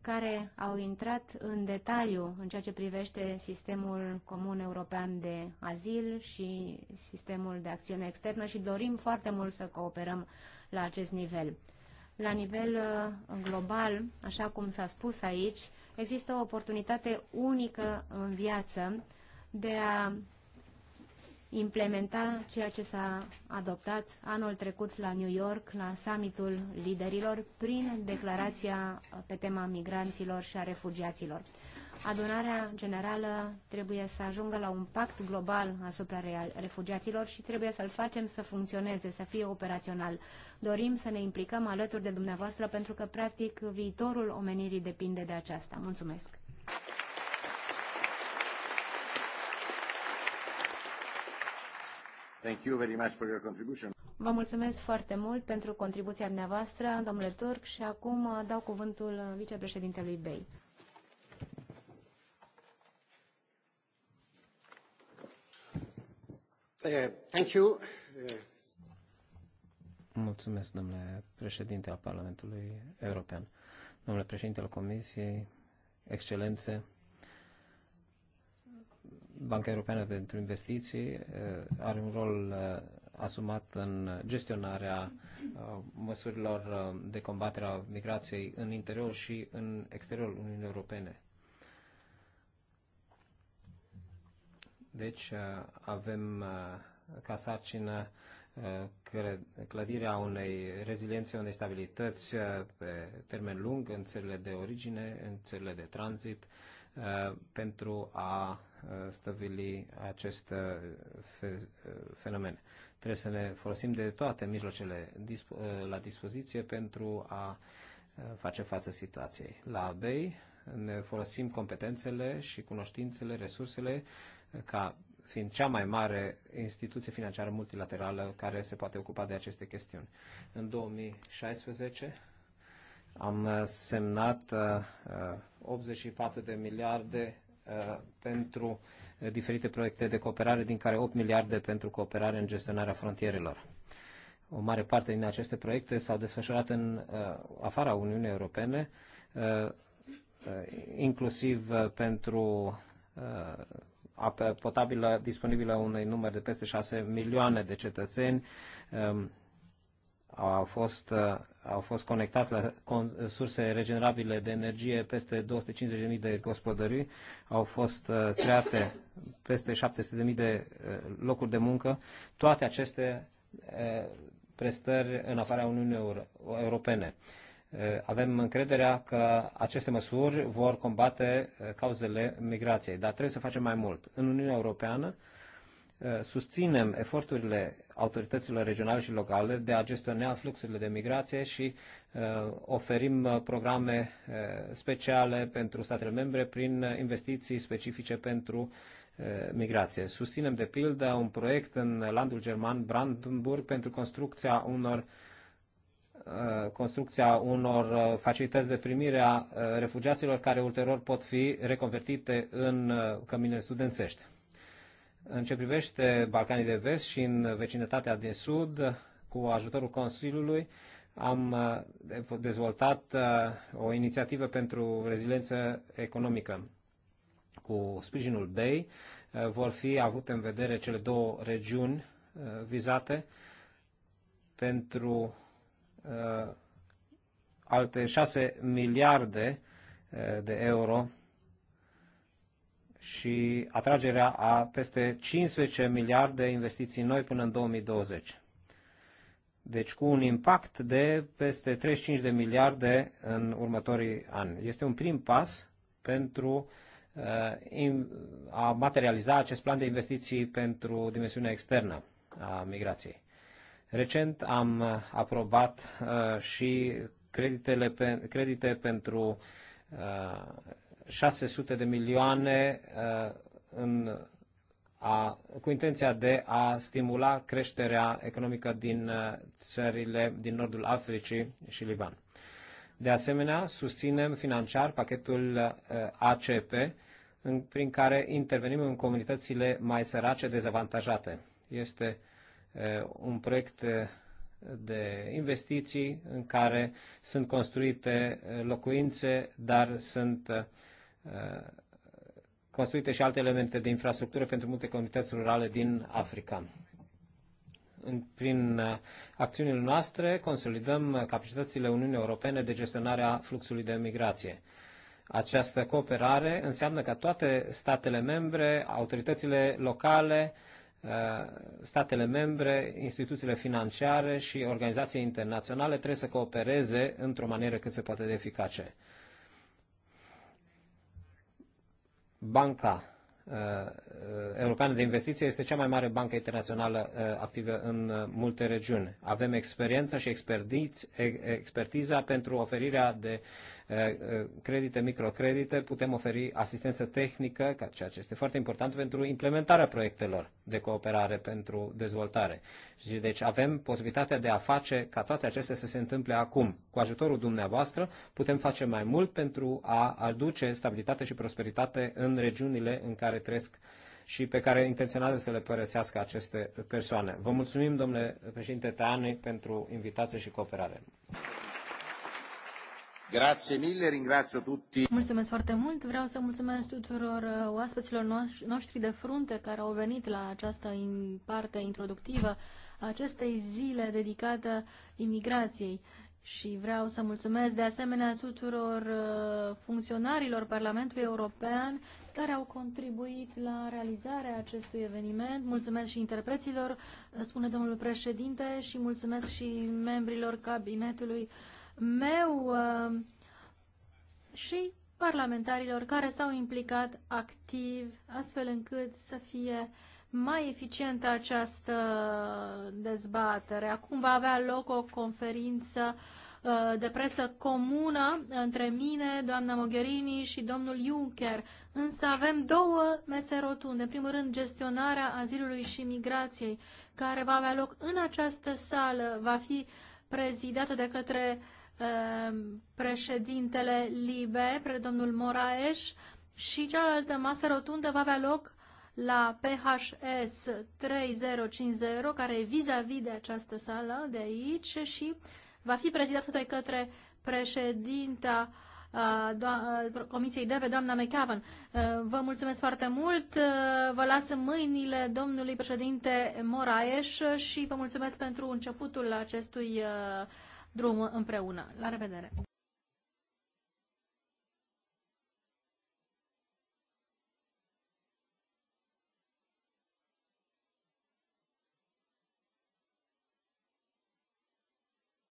care au intrat în detaliu în ceea ce privește sistemul comun european de azil și sistemul de acțiune externă și dorim foarte mult să cooperăm la acest nivel. La nivel uh, global, așa cum s-a spus aici, există o oportunitate unică în viață de a implementa ceea ce s-a adoptat anul trecut la New York, la summitul liderilor, prin declarația pe tema migranților și a refugiaților. Adunarea generală trebuie să ajungă la un pact global asupra refugiaților și trebuie să-l facem să funcționeze, să fie operațional. Dorim să ne implicăm alături de dumneavoastră pentru că, practic, viitorul omenirii depinde de aceasta. Mulțumesc! Thank you very much for your contribution. Vă mulțumesc foarte mult pentru contribuția dumneavoastră, domnule Turc, și acum uh, dau cuvântul uh, vicepreședintelui Bey. Uh, thank you. Mulțumesc, domnule președinte al Parlamentului European, domnule președinte al Comisiei, excelențe, Banca Europeană pentru Investiții eh, are un rol eh, asumat în gestionarea eh, măsurilor de combatere a migrației în interior și în exteriorul Uniunii Europene. Deci avem ca sarcină clădirea unei reziliențe, unei stabilități pe termen lung în țările de origine, în țările de tranzit, pentru a Uh, stăvili acest uh, uh, fenomen. Trebuie să ne folosim de toate mijlocele la dispoziție pentru a face față situației. La ABEI ne folosim competențele și cunoștințele, resursele ca fiind cea mai mare instituție financiară multilaterală care se poate ocupa de aceste chestiuni. În 2016 am semnat 84 de miliarde Uh, pentru uh, diferite proiecte de cooperare, din care 8 miliarde pentru cooperare în gestionarea frontierelor. O mare parte din aceste proiecte s-au desfășurat în uh, afara Uniunii Europene, inclusiv pentru apă potabilă disponibilă unui număr de peste 6 milioane de cetățeni. Um, au fost au fost conectați la surse regenerabile de energie peste 250.000 de gospodării, au fost uh, create peste 700.000 de uh, locuri de muncă, toate aceste uh, prestări în afara Uniunii Europene. Avem încrederea că aceste măsuri vor combate cauzele migrației, dar trebuie să facem mai mult. În Uniunea Europeană, Eh, susținem eforturile autorităților regionale și locale de a gestiona fluxurile de migrație și eh, oferim eh, programe speciale pentru statele membre prin investiții specifice pentru migrație. Susținem de pildă un proiect în landul german Brandenburg pentru construcția unor construcția unor facilități de primire a refugiaților care ulterior pot fi reconvertite în cămine studențești. În ce privește Balcanii de Vest și în vecinătatea de Sud, cu ajutorul Consiliului, am uh, dezvoltat uh, o inițiativă pentru reziliență economică. Cu sprijinul BEI uh, vor fi avute în vedere cele două regiuni vizate pentru alte 6 miliarde de euro și atragerea a peste 15 miliarde investiții noi până în 2020. Deci cu un impact de peste 35 de miliarde în următorii ani. Este un prim pas pentru uh, a materializa acest plan de investiții pentru dimensiunea externă a migrației. Recent am aprobat uh, și creditele credite pentru uh, 600 de milioane uh, în a, cu intenția de a stimula creșterea economică din uh, țările din nordul Africii și Liban. De asemenea, susținem financiar pachetul uh, ACP, în, prin care intervenim în comunitățile mai sărace dezavantajate. Este un proiect de investiții în care sunt construite locuințe, dar sunt construite și alte elemente de infrastructură pentru multe comunități rurale din Africa. Prin uh, acțiunile noastre consolidăm capacitățile Uniunii Europene de gestionare a fluxului de migrație. Această cooperare înseamnă că toate statele membre, autoritățile locale, uh, statele membre, instituțiile financiare și organizații internaționale trebuie să coopereze într-o manieră cât se poate de eficace. Banca uh, Europeană de Investiții este cea mai mare bancă internațională uh, activă în uh, multe regiuni. Avem experiența și expertiza pentru oferirea de Eh, eh, credite, microcredite, putem oferi asistență tehnică, ceea ce este foarte important pentru implementarea proiectelor de cooperare pentru dezvoltare. Și deci avem posibilitatea de a face ca toate acestea să se întâmple acum. Cu ajutorul dumneavoastră putem face mai mult pentru a aduce stabilitate și prosperitate în regiunile în care trăiesc și pe care intenționează să le părăsească aceste persoane. Vă mulțumim, domnule președinte Teane, pentru invitație și cooperare. Grazie mille, ringrazio tutti. Mulțumesc foarte mult. Vreau să mulțumesc tuturor uh, oaspeților noștri de frunte care au venit la această parte introductivă a acestei zile dedicată imigrației. Și vreau să mulțumesc de asemenea tuturor uh, funcționarilor Parlamentului European care au contribuit la realizarea acestui eveniment. Mulțumesc și interpreților, uh, spune domnul președinte, și mulțumesc și membrilor cabinetului meu uh, și parlamentarilor care s-au implicat activ, astfel încât să fie mai eficientă această dezbatere. Acum va avea loc o conferință uh, de presă comună între mine, doamna Mogherini și domnul Juncker. Însă avem două mese rotunde. În primul rând, gestionarea azilului și migrației, care va avea loc în această sală, va fi prezidată de către uh, Ehm, președintele Libe, domnul Moraes, și cealaltă masă rotundă va avea loc la PHS 3050, care e vis-a-vis de această sală de aici și va fi prezidată de către președinta Comisiei DEVE, doamna McAvan. Ehm, vă mulțumesc foarte mult, ehm, vă las în mâinile domnului președinte Moraes și vă mulțumesc pentru începutul acestui Drumul împreună. La revedere!